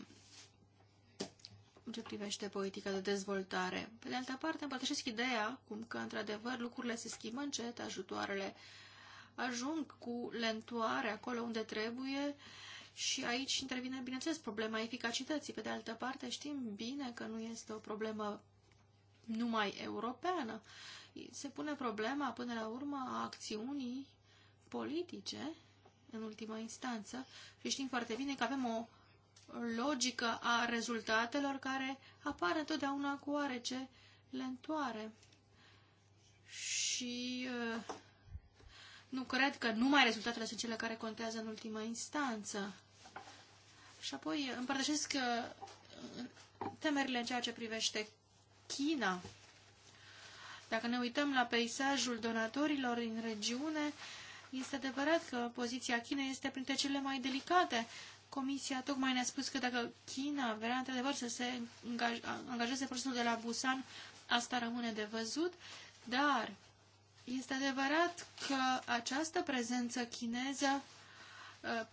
ce privește politica de dezvoltare. Pe de altă parte, împărtășesc ideea cum că, într-adevăr, lucrurile se schimbă încet, ajutoarele ajung cu lentoare acolo unde trebuie, uh, și aici intervine, bineînțeles, problema eficacității. Pe de altă parte, știm bine că nu este o problemă numai europeană. Se pune problema, până la urmă, a acțiunii politice, în ultima instanță, și știm foarte bine că avem o logică a rezultatelor care apare întotdeauna cu oarece lentoare. Și uh, nu cred că numai rezultatele sunt cele care contează în ultima instanță. Și apoi împărtășesc uh, temerile în ceea ce privește China. Dacă ne uităm la peisajul donatorilor în regiune, este adevărat că poziția Chinei este printre cele mai delicate. Comisia tocmai ne-a spus că dacă China vrea într-adevăr să se angajeze procesul de la Busan, asta rămâne de văzut, dar este adevărat că această prezență chineză uh,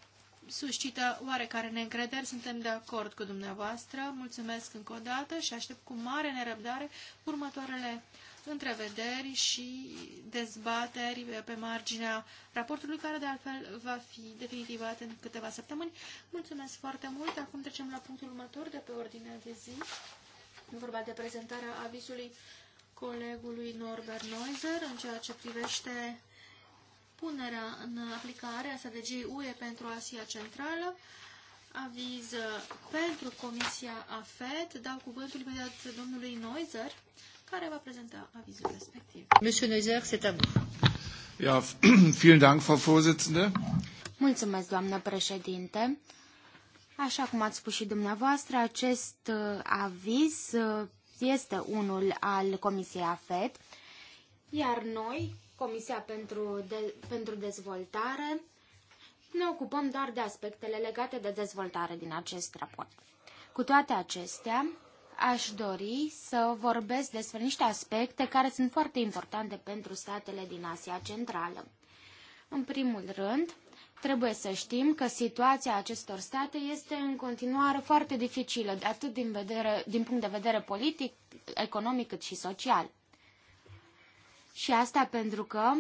suscită oarecare neîncredere. Suntem de acord cu dumneavoastră. Mulțumesc încă o dată și aștept cu mare nerăbdare următoarele întrevederi și dezbateri pe marginea raportului, care de altfel va fi definitivat în câteva săptămâni. Mulțumesc foarte mult. Acum trecem la punctul următor de pe ordinea de zi. Nu vorba de prezentarea avizului colegului Norbert Neuser în ceea ce privește punerea în aplicare a strategiei UE pentru Asia Centrală. Aviz pentru Comisia AFET. Dau cuvântul imediat domnului Neuser, care va prezenta avizul respectiv. Monsieur Neuser, c'est à vous. Ja, [CLEARS THROAT] vielen Dank, Frau Vorsitzende. Mulțumesc, doamnă președinte. Așa cum ați spus și dumneavoastră, acest uh, aviz uh, este unul al Comisiei AFET, iar noi, Comisia pentru, de, pentru Dezvoltare, ne ocupăm doar de aspectele legate de dezvoltare din acest raport. Cu toate acestea, aș dori să vorbesc despre niște aspecte care sunt foarte importante pentru statele din Asia Centrală. În primul rând, Trebuie să știm că situația acestor state este în continuare foarte dificilă, atât din, vedere, din punct de vedere politic, economic, cât și social. Și asta pentru că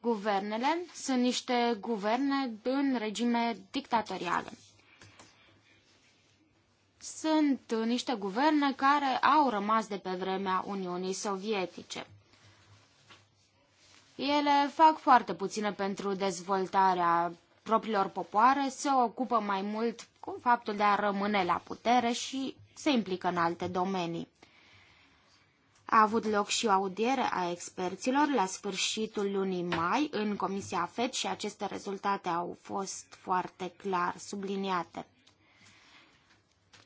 guvernele sunt niște guverne în regime dictatoriale. Sunt niște guverne care au rămas de pe vremea Uniunii Sovietice. Ele fac foarte puține pentru dezvoltarea propriilor popoare se ocupă mai mult cu faptul de a rămâne la putere și se implică în alte domenii. A avut loc și o audiere a experților la sfârșitul lunii mai în Comisia FED și aceste rezultate au fost foarte clar subliniate.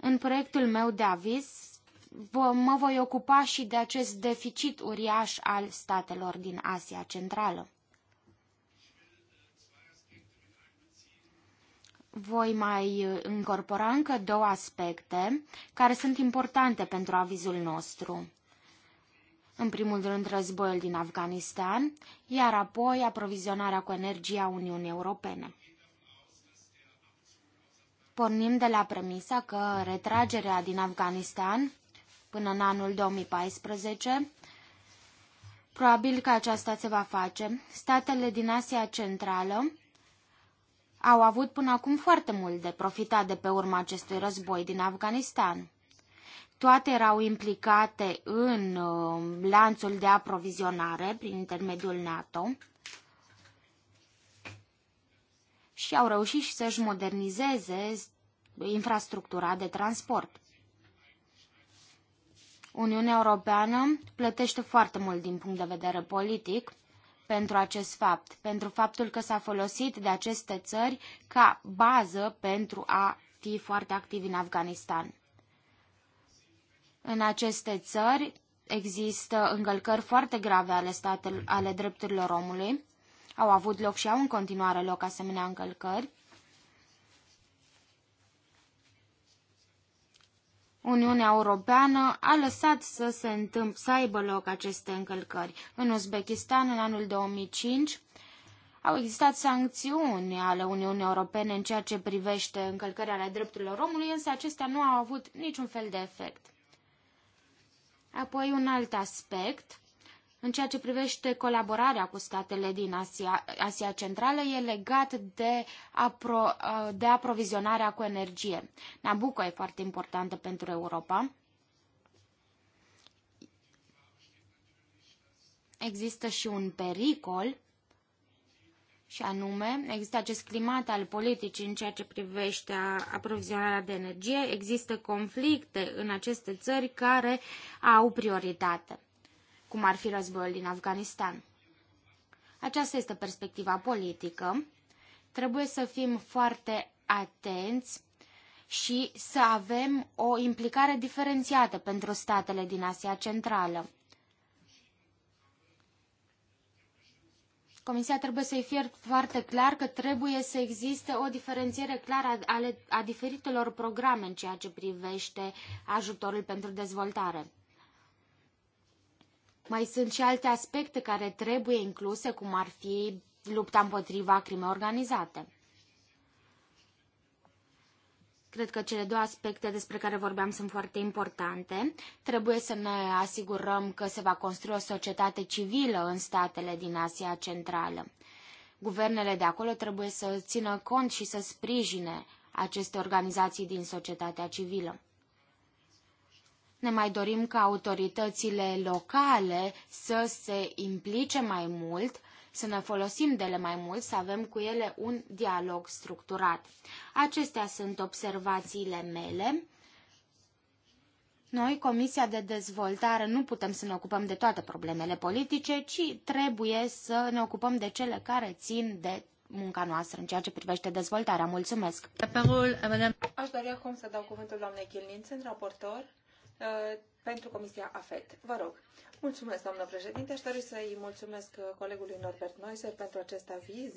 În proiectul meu de aviz mă voi ocupa și de acest deficit uriaș al statelor din Asia Centrală. voi mai uh, incorpora încă două aspecte care sunt importante pentru avizul nostru. În primul rând războiul din Afganistan, iar apoi aprovizionarea cu energie a Uniunii Europene. Pornim de la premisa că retragerea din Afganistan până în anul 2014 Probabil că aceasta se va face. Statele din Asia Centrală au avut până acum foarte mult de profitat de pe urma acestui război din Afganistan. Toate erau implicate în uh, lanțul de aprovizionare prin intermediul NATO și au reușit și să-și modernizeze infrastructura de transport. Uniunea Europeană plătește foarte mult din punct de vedere politic pentru acest fapt, pentru faptul că s-a folosit de aceste țări ca bază pentru a fi foarte activi în Afganistan. În aceste țări există încălcări foarte grave ale, statel, ale drepturilor omului. Au avut loc și au în continuare loc asemenea încălcări. Uniunea Europeană a lăsat să se întâmple, să aibă loc aceste încălcări. În Uzbekistan, în anul 2005, au existat sancțiuni ale Uniunii Europene în ceea ce privește încălcările ale drepturilor omului, însă acestea nu au avut niciun fel de efect. Apoi un alt aspect în ceea ce privește colaborarea cu statele din Asia, Asia Centrală, e legat de, apro, de aprovizionarea cu energie. Nabucco e foarte importantă pentru Europa. Există și un pericol și anume, există acest climat al politicii în ceea ce privește aprovizionarea de energie, există conflicte în aceste țări care au prioritate cum ar fi războiul din Afganistan. Aceasta este perspectiva politică. Trebuie să fim foarte atenți și să avem o implicare diferențiată pentru statele din Asia Centrală. Comisia trebuie să-i fie foarte clar că trebuie să existe o diferențiere clară a, a diferitelor programe în ceea ce privește ajutorul pentru dezvoltare. Mai sunt și alte aspecte care trebuie incluse, cum ar fi lupta împotriva crimei organizate. Cred că cele două aspecte despre care vorbeam sunt foarte importante. Trebuie să ne asigurăm că se va construi o societate civilă în statele din Asia Centrală. Guvernele de acolo trebuie să țină cont și să sprijine aceste organizații din societatea civilă. Ne mai dorim ca autoritățile locale să se implice mai mult, să ne folosim de ele mai mult, să avem cu ele un dialog structurat. Acestea sunt observațiile mele. Noi, Comisia de Dezvoltare, nu putem să ne ocupăm de toate problemele politice, ci trebuie să ne ocupăm de cele care țin de munca noastră în ceea ce privește dezvoltarea. Mulțumesc! Aș dori acum să dau cuvântul doamnei Chilninț, raportor, Uh, pentru Comisia AFET. Vă rog. Mulțumesc, doamnă președinte. Aș dori să-i mulțumesc uh, colegului Norbert Neuser pentru acest aviz.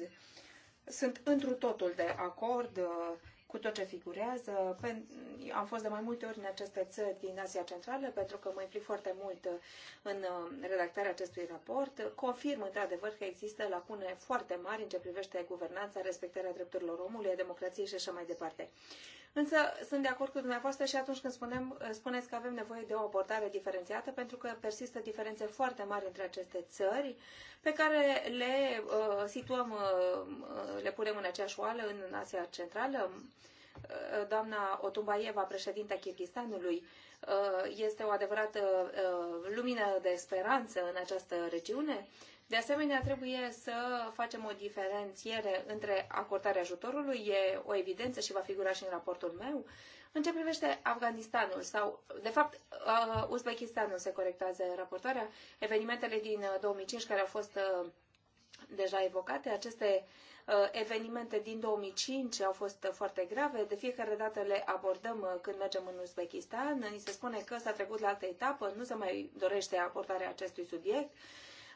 Sunt întru totul de acord uh, cu tot ce figurează. Am fost de mai multe ori în aceste țări din Asia Centrală pentru că mă implic foarte mult în redactarea acestui raport. Confirm într-adevăr că există lacune foarte mari în ce privește guvernanța, respectarea drepturilor omului, a democrației și așa mai departe. Însă sunt de acord cu dumneavoastră și atunci când spunem, spuneți că avem nevoie de o abordare diferențiată, pentru că persistă diferențe foarte mari între aceste țări, pe care le uh, situăm, uh, uh le punem în aceeași oală în Asia Centrală. Uh, doamna Otumbaieva, președinta Kirghistanului, uh, este o adevărată lumină de speranță în această regiune de asemenea, trebuie să facem o diferențiere între acordarea ajutorului, e o evidență și va figura și în raportul meu. În ce privește Afganistanul sau, de fapt, uh, Uzbekistanul se corectează raportarea, evenimentele din 2005 uh, care au fost uh, deja evocate, aceste evenimente din 2005 au fost foarte grave. De fiecare dată le abordăm când mergem în Uzbekistan. Ni se spune că s-a trecut la altă etapă, nu se mai dorește abordarea acestui subiect.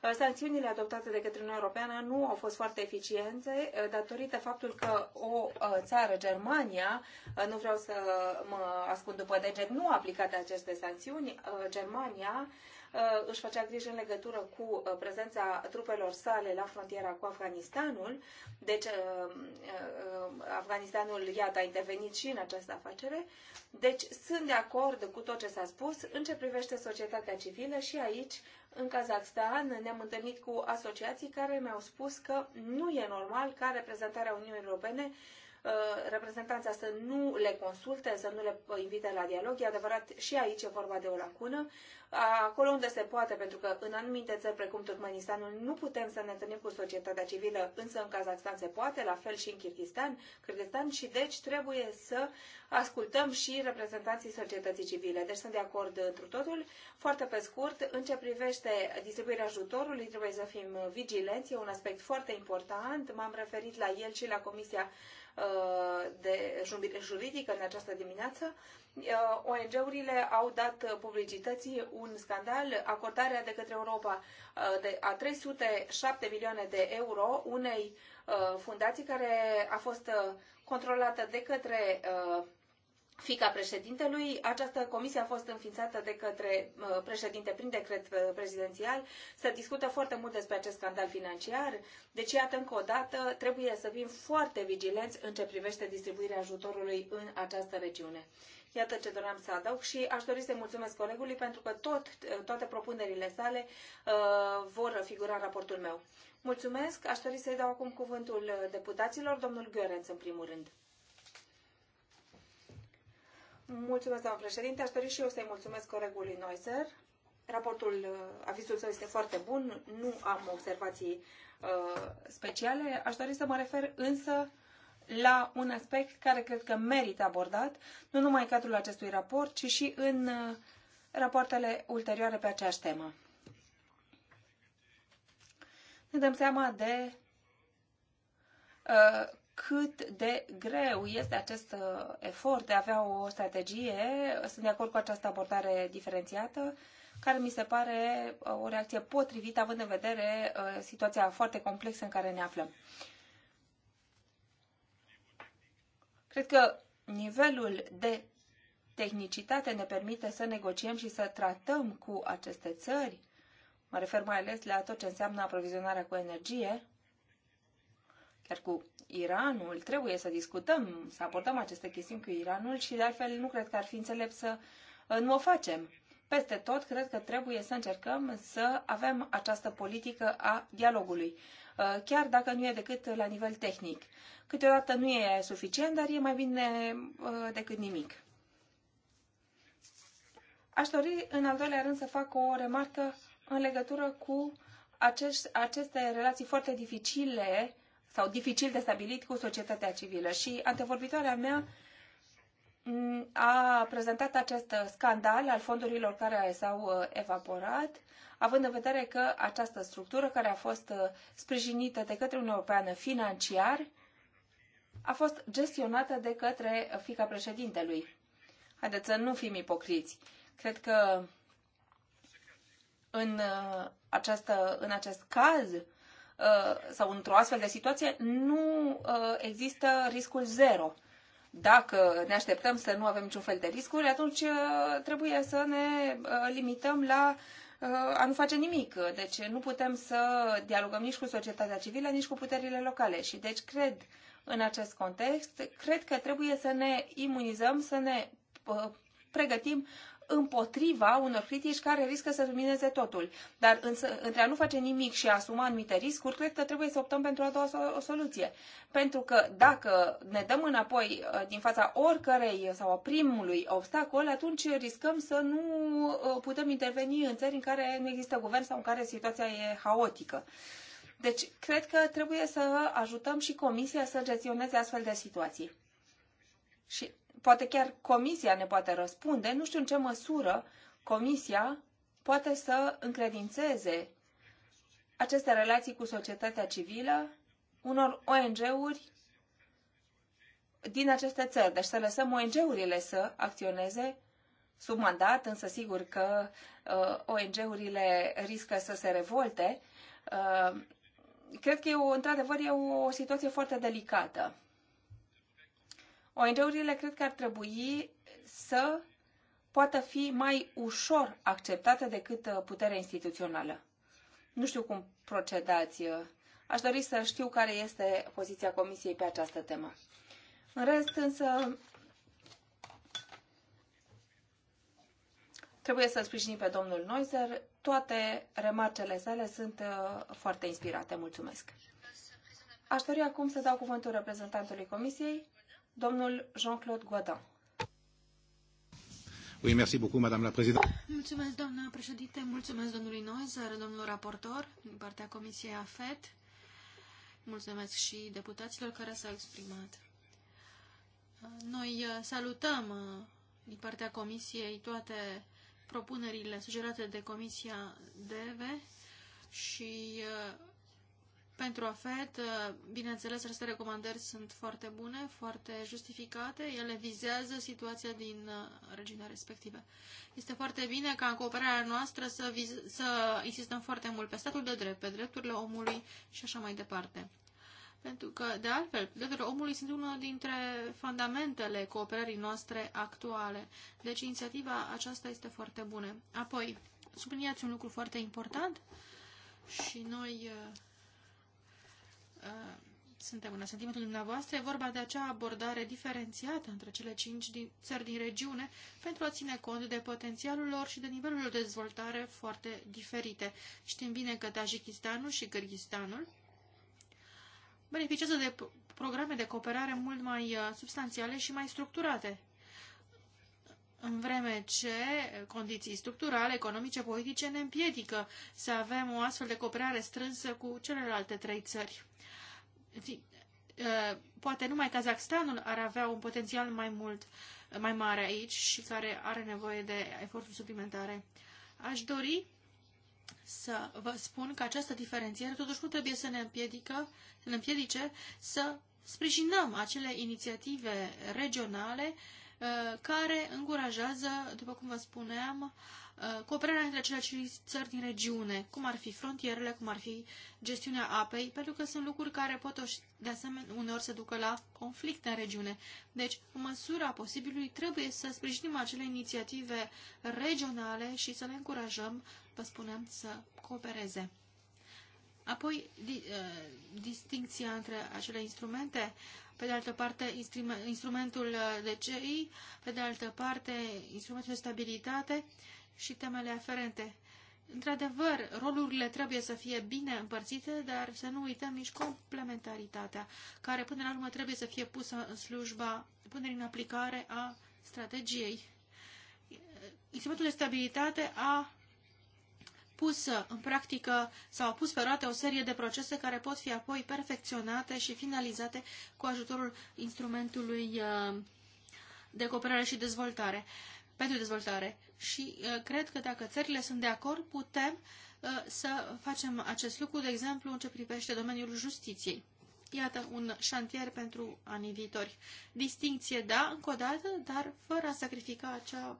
Uh, sancțiunile adoptate de către Uniunea Europeană nu au fost foarte eficiente uh, datorită faptul că o uh, țară, Germania, nu vreau să mă ascund după deget, nu a aplicat aceste sancțiuni. Germania Uh, își făcea grijă în legătură cu uh, prezența trupelor sale la frontiera cu Afganistanul. Deci uh, Afganistanul, iată, a intervenit și în această afacere. Deci sunt de acord cu tot ce s-a spus în ce privește societatea civilă și aici în Kazakhstan ne-am întâlnit cu asociații care mi-au spus că nu e normal ca reprezentarea Uniunii Europene reprezentanța să nu le consulte, să nu le invite la dialog. E adevărat, și aici e vorba de o lacună acolo unde se poate, pentru că în anumite țări, precum Turkmenistanul, nu putem să ne întâlnim cu societatea civilă, însă în Kazakhstan se poate, la fel și în Kyrgyzstan, Kyrgyzstan și deci trebuie să ascultăm și reprezentanții societății civile. Deci sunt de acord întru totul. Foarte pe scurt, în ce privește distribuirea ajutorului, trebuie să fim vigilenți, e un aspect foarte important. M-am referit la el și la Comisia uh, de juridică în această dimineață. Uh, ONG-urile au dat publicității un scandal, acordarea de către Europa uh, de a 307 milioane de euro unei uh, fundații care a fost controlată de către fica președintelui. Această comisie a fost înființată de către președinte prin decret prezidențial. Se discută foarte mult despre acest scandal financiar. Deci, iată, încă o dată, trebuie să fim foarte vigilenți în ce privește distribuirea ajutorului în această regiune. Iată ce doream să adaug și aș dori să-i mulțumesc colegului pentru că tot, toate propunerile sale uh, vor figura în raportul meu. Mulțumesc. Aș dori să-i dau acum cuvântul deputaților. Domnul Gheorenț, în primul rând. Mulțumesc, doamnă președinte. Aș dori și eu să-i mulțumesc colegului Noiser. Raportul, uh, avizul său este foarte bun, nu am observații uh, speciale. Aș dori să mă refer însă la un aspect care cred că merită abordat, nu numai în cadrul acestui raport, ci și în uh, rapoartele ulterioare pe aceeași temă. Ne dăm seama de uh, cât de greu este acest uh, efort de a avea o strategie. Sunt de acord cu această abordare diferențiată, care mi se pare o reacție potrivită, având în vedere situația foarte complexă în care ne aflăm. Cred că nivelul de tehnicitate ne permite să negociem și să tratăm cu aceste țări. Mă refer mai ales la tot ce înseamnă aprovizionarea cu energie. Chiar cu Iranul trebuie să discutăm, să abordăm aceste chestiuni cu Iranul și de altfel nu cred că ar fi înțelept să uh, nu o facem peste tot, cred că trebuie să încercăm să avem această politică a dialogului, uh, chiar dacă nu e decât la nivel tehnic. Câteodată nu e suficient, dar e mai bine uh, decât nimic. Aș dori, în al doilea rând, să fac o remarcă în legătură cu acești, aceste relații foarte dificile sau dificil de stabilit cu societatea civilă. Și antevorbitoarea mea Mm, a prezentat acest scandal al fondurilor care s-au uh, evaporat, având în vedere că această structură care a fost uh, sprijinită de către Uniunea Europeană financiar a fost gestionată de către fica președintelui. Haideți să nu fim ipocriți. Cred că în, uh, această, în acest caz sau într-o astfel de situație nu există riscul zero dacă ne așteptăm să nu avem niciun fel de riscuri, atunci uh, trebuie să ne uh, limităm la uh, a nu face nimic. Deci nu putem să dialogăm nici cu societatea civilă, nici cu puterile locale. Și deci cred în acest context, cred că trebuie să ne imunizăm, să ne pregătim împotriva unor critici care riscă să lumineze totul. Dar însă, între a nu face nimic și a asuma anumite riscuri, cred că trebuie să optăm pentru a doua soluție. Pentru că dacă ne dăm înapoi uh, din fața oricărei sau a primului obstacol, atunci riscăm să nu uh, putem interveni în țări în care nu există guvern sau în care situația e haotică. Deci, cred că trebuie să ajutăm și Comisia să gestioneze astfel de situații. Și poate chiar Comisia ne poate răspunde, nu știu în ce măsură Comisia poate să încredințeze aceste relații cu societatea civilă unor ONG-uri din aceste țări. Deci să lăsăm ONG-urile să acționeze sub mandat, însă sigur că uh, ONG-urile riscă să se revolte. Uh, cred că, e o, într-adevăr, e o situație foarte delicată. ONG-urile cred că ar trebui să poată fi mai ușor acceptate decât uh, puterea instituțională. Nu știu cum procedați. Uh, aș dori să știu care este poziția Comisiei pe această temă. În rest, însă, trebuie să sprijinim pe domnul Noizer. Toate remarcele sale sunt uh, foarte inspirate. Mulțumesc. Aș dori acum să dau cuvântul reprezentantului Comisiei, domnul Jean-Claude Guadin. Oui, merci beaucoup, Madame la Présidente. Mulțumesc, doamnă președinte, mulțumesc domnului Noizer, domnul raportor, din partea Comisiei AFET. Mulțumesc și deputaților care s-au exprimat. Noi uh, salutăm uh, din partea Comisiei toate propunerile sugerate de Comisia DEVE și uh, pentru AFET, uh, bineînțeles, aceste recomandări sunt foarte bune, foarte justificate. Ele vizează situația din uh, regiunea respectivă. Este foarte bine ca în cooperarea noastră să, să insistăm foarte mult pe statul de drept, pe drepturile omului și așa mai departe. Pentru că, de altfel, drepturile omului sunt unul dintre fundamentele cooperării noastre actuale. Deci, inițiativa aceasta este foarte bună. Apoi, subliniați un lucru foarte important și noi uh, suntem în asentimentul dumneavoastră, e vorba de acea abordare diferențiată între cele cinci din, țări din regiune pentru a ține cont de potențialul lor și de nivelul de dezvoltare foarte diferite. Știm bine că Tajikistanul și Kyrgyzstanul beneficiază de programe de cooperare mult mai uh, substanțiale și mai structurate în vreme ce condiții structurale, economice, politice ne împiedică să avem o astfel de cooperare strânsă cu celelalte trei țări. Ă, poate numai Kazakhstanul ar avea un potențial mai mult, mai mare aici și care are nevoie de eforturi suplimentare. Aș dori să vă spun că această diferențiere totuși nu trebuie să ne, împiedică, să ne împiedice să sprijinăm acele inițiative regionale uh, Uh, care încurajează, după cum vă spuneam, uh, cooperarea între cele trei țări din regiune, cum ar fi frontierele, cum ar fi gestiunea apei, pentru că sunt lucruri care pot de asemenea uneori să ducă la conflicte în regiune. Deci, în măsura posibilului, trebuie să sprijinim acele inițiative regionale și să le încurajăm, vă spunem, să coopereze. Apoi, di, uh, distinția între acele instrumente, pe de altă parte instrumentul uh, de CI, pe de altă parte instrumentul de stabilitate și temele aferente. Într-adevăr, rolurile trebuie să fie bine împărțite, dar să nu uităm nici complementaritatea, care până la urmă trebuie să fie pusă în slujba punerii în aplicare a strategiei. Instrumentul de stabilitate a pus în practică sau pus pe roate o serie de procese care pot fi apoi perfecționate și finalizate cu ajutorul instrumentului uh, de cooperare și dezvoltare, pentru dezvoltare. Și uh, cred că dacă țările sunt de acord, putem uh, să facem acest lucru, de exemplu, în ce privește domeniul justiției. Iată un șantier pentru anii viitori. Distinție, da, încă o dată, dar fără a sacrifica acea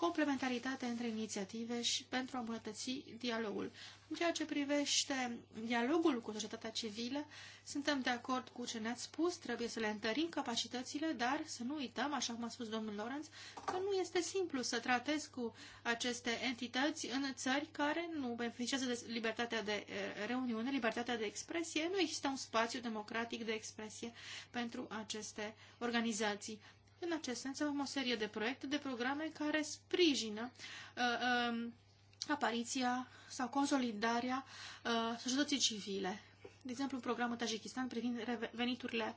complementaritate între inițiative și pentru a îmbunătăți dialogul. În ceea ce privește dialogul cu societatea civilă, suntem de acord cu ce ne-ați spus, trebuie să le întărim capacitățile, dar să nu uităm, așa cum a spus domnul Lorenz, că nu este simplu să tratezi cu aceste entități în țări care nu beneficiază de libertatea de eh, reuniune, libertatea de expresie, nu există un spațiu democratic de expresie pentru aceste organizații. În acest sens avem o serie de proiecte, de programe care sprijină uh, uh, apariția sau consolidarea uh, societății civile. De exemplu, programul Tajikistan privind veniturile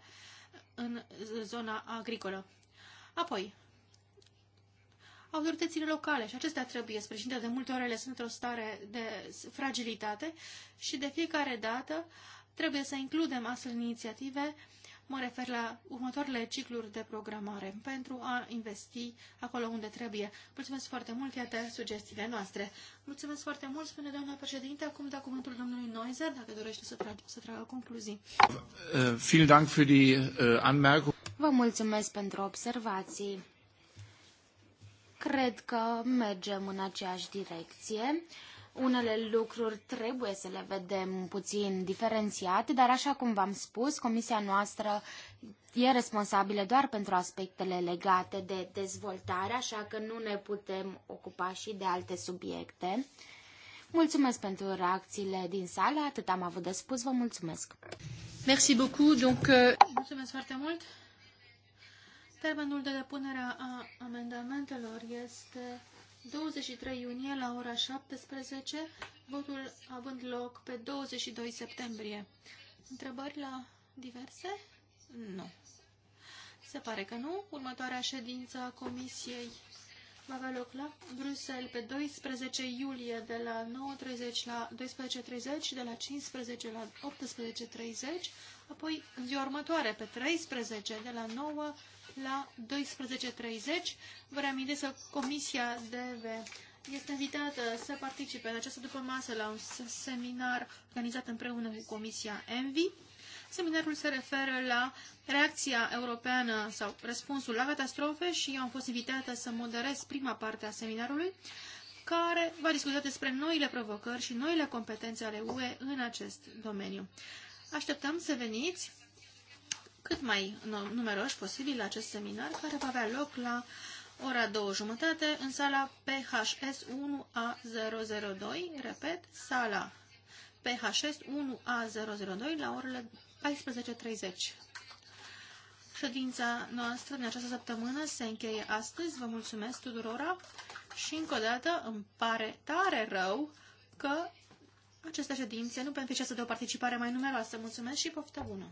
în zona agricolă. Apoi, autoritățile locale și acestea trebuie sprijinite. De multe ori ele sunt într-o stare de fragilitate și de fiecare dată trebuie să includem astfel inițiative uh, Mă refer la următoarele cicluri de programare pentru a investi acolo unde trebuie. Mulțumesc foarte mult, iată sugestiile noastre. Mulțumesc foarte mult, spune doamna președinte. Acum da cuvântul domnului Noizer, dacă dorește să, tra să tragă concluzii. Eh, vielen Dank für die eh, Vă mulțumesc pentru observații. Cred că mergem în aceeași direcție. Unele lucruri trebuie să le vedem puțin diferențiate, dar așa cum v-am spus, comisia noastră e responsabilă doar pentru aspectele legate de dezvoltare, așa că nu ne putem ocupa și de alte subiecte. Mulțumesc pentru reacțiile din sală, atât am avut de spus, vă mulțumesc. Merci beaucoup, donc... Euh, mulțumesc foarte mult. Termenul de depunere a amendamentelor este 23 iunie la ora 17, votul având loc pe 22 septembrie. Întrebări la diverse? Nu. Se pare că nu. Următoarea ședință a Comisiei va avea loc la Bruxelles pe 12 iulie de la 9.30 la 12.30 și de la 15 la 18.30, apoi în ziua următoare pe 13 de la 9 la 12.30. Vă reamintesc că Comisia DV este invitată să participe în această după masă la un seminar organizat împreună cu Comisia ENVI. Seminarul se referă la reacția europeană sau răspunsul la catastrofe și eu am fost invitată să moderez prima parte a seminarului care va discuta despre noile provocări și noile competențe ale UE în acest domeniu. Așteptăm să veniți cât mai numeroși posibil acest seminar, care va avea loc la ora două jumătate în sala PHS 1A002, repet, sala PHS 1A002 la orele 14.30. Ședința noastră din această săptămână se încheie astăzi. Vă mulțumesc tuturora și încă o dată îmi pare tare rău că aceste ședințe nu beneficiază de o participare mai numeroasă. Mulțumesc și poftă bună!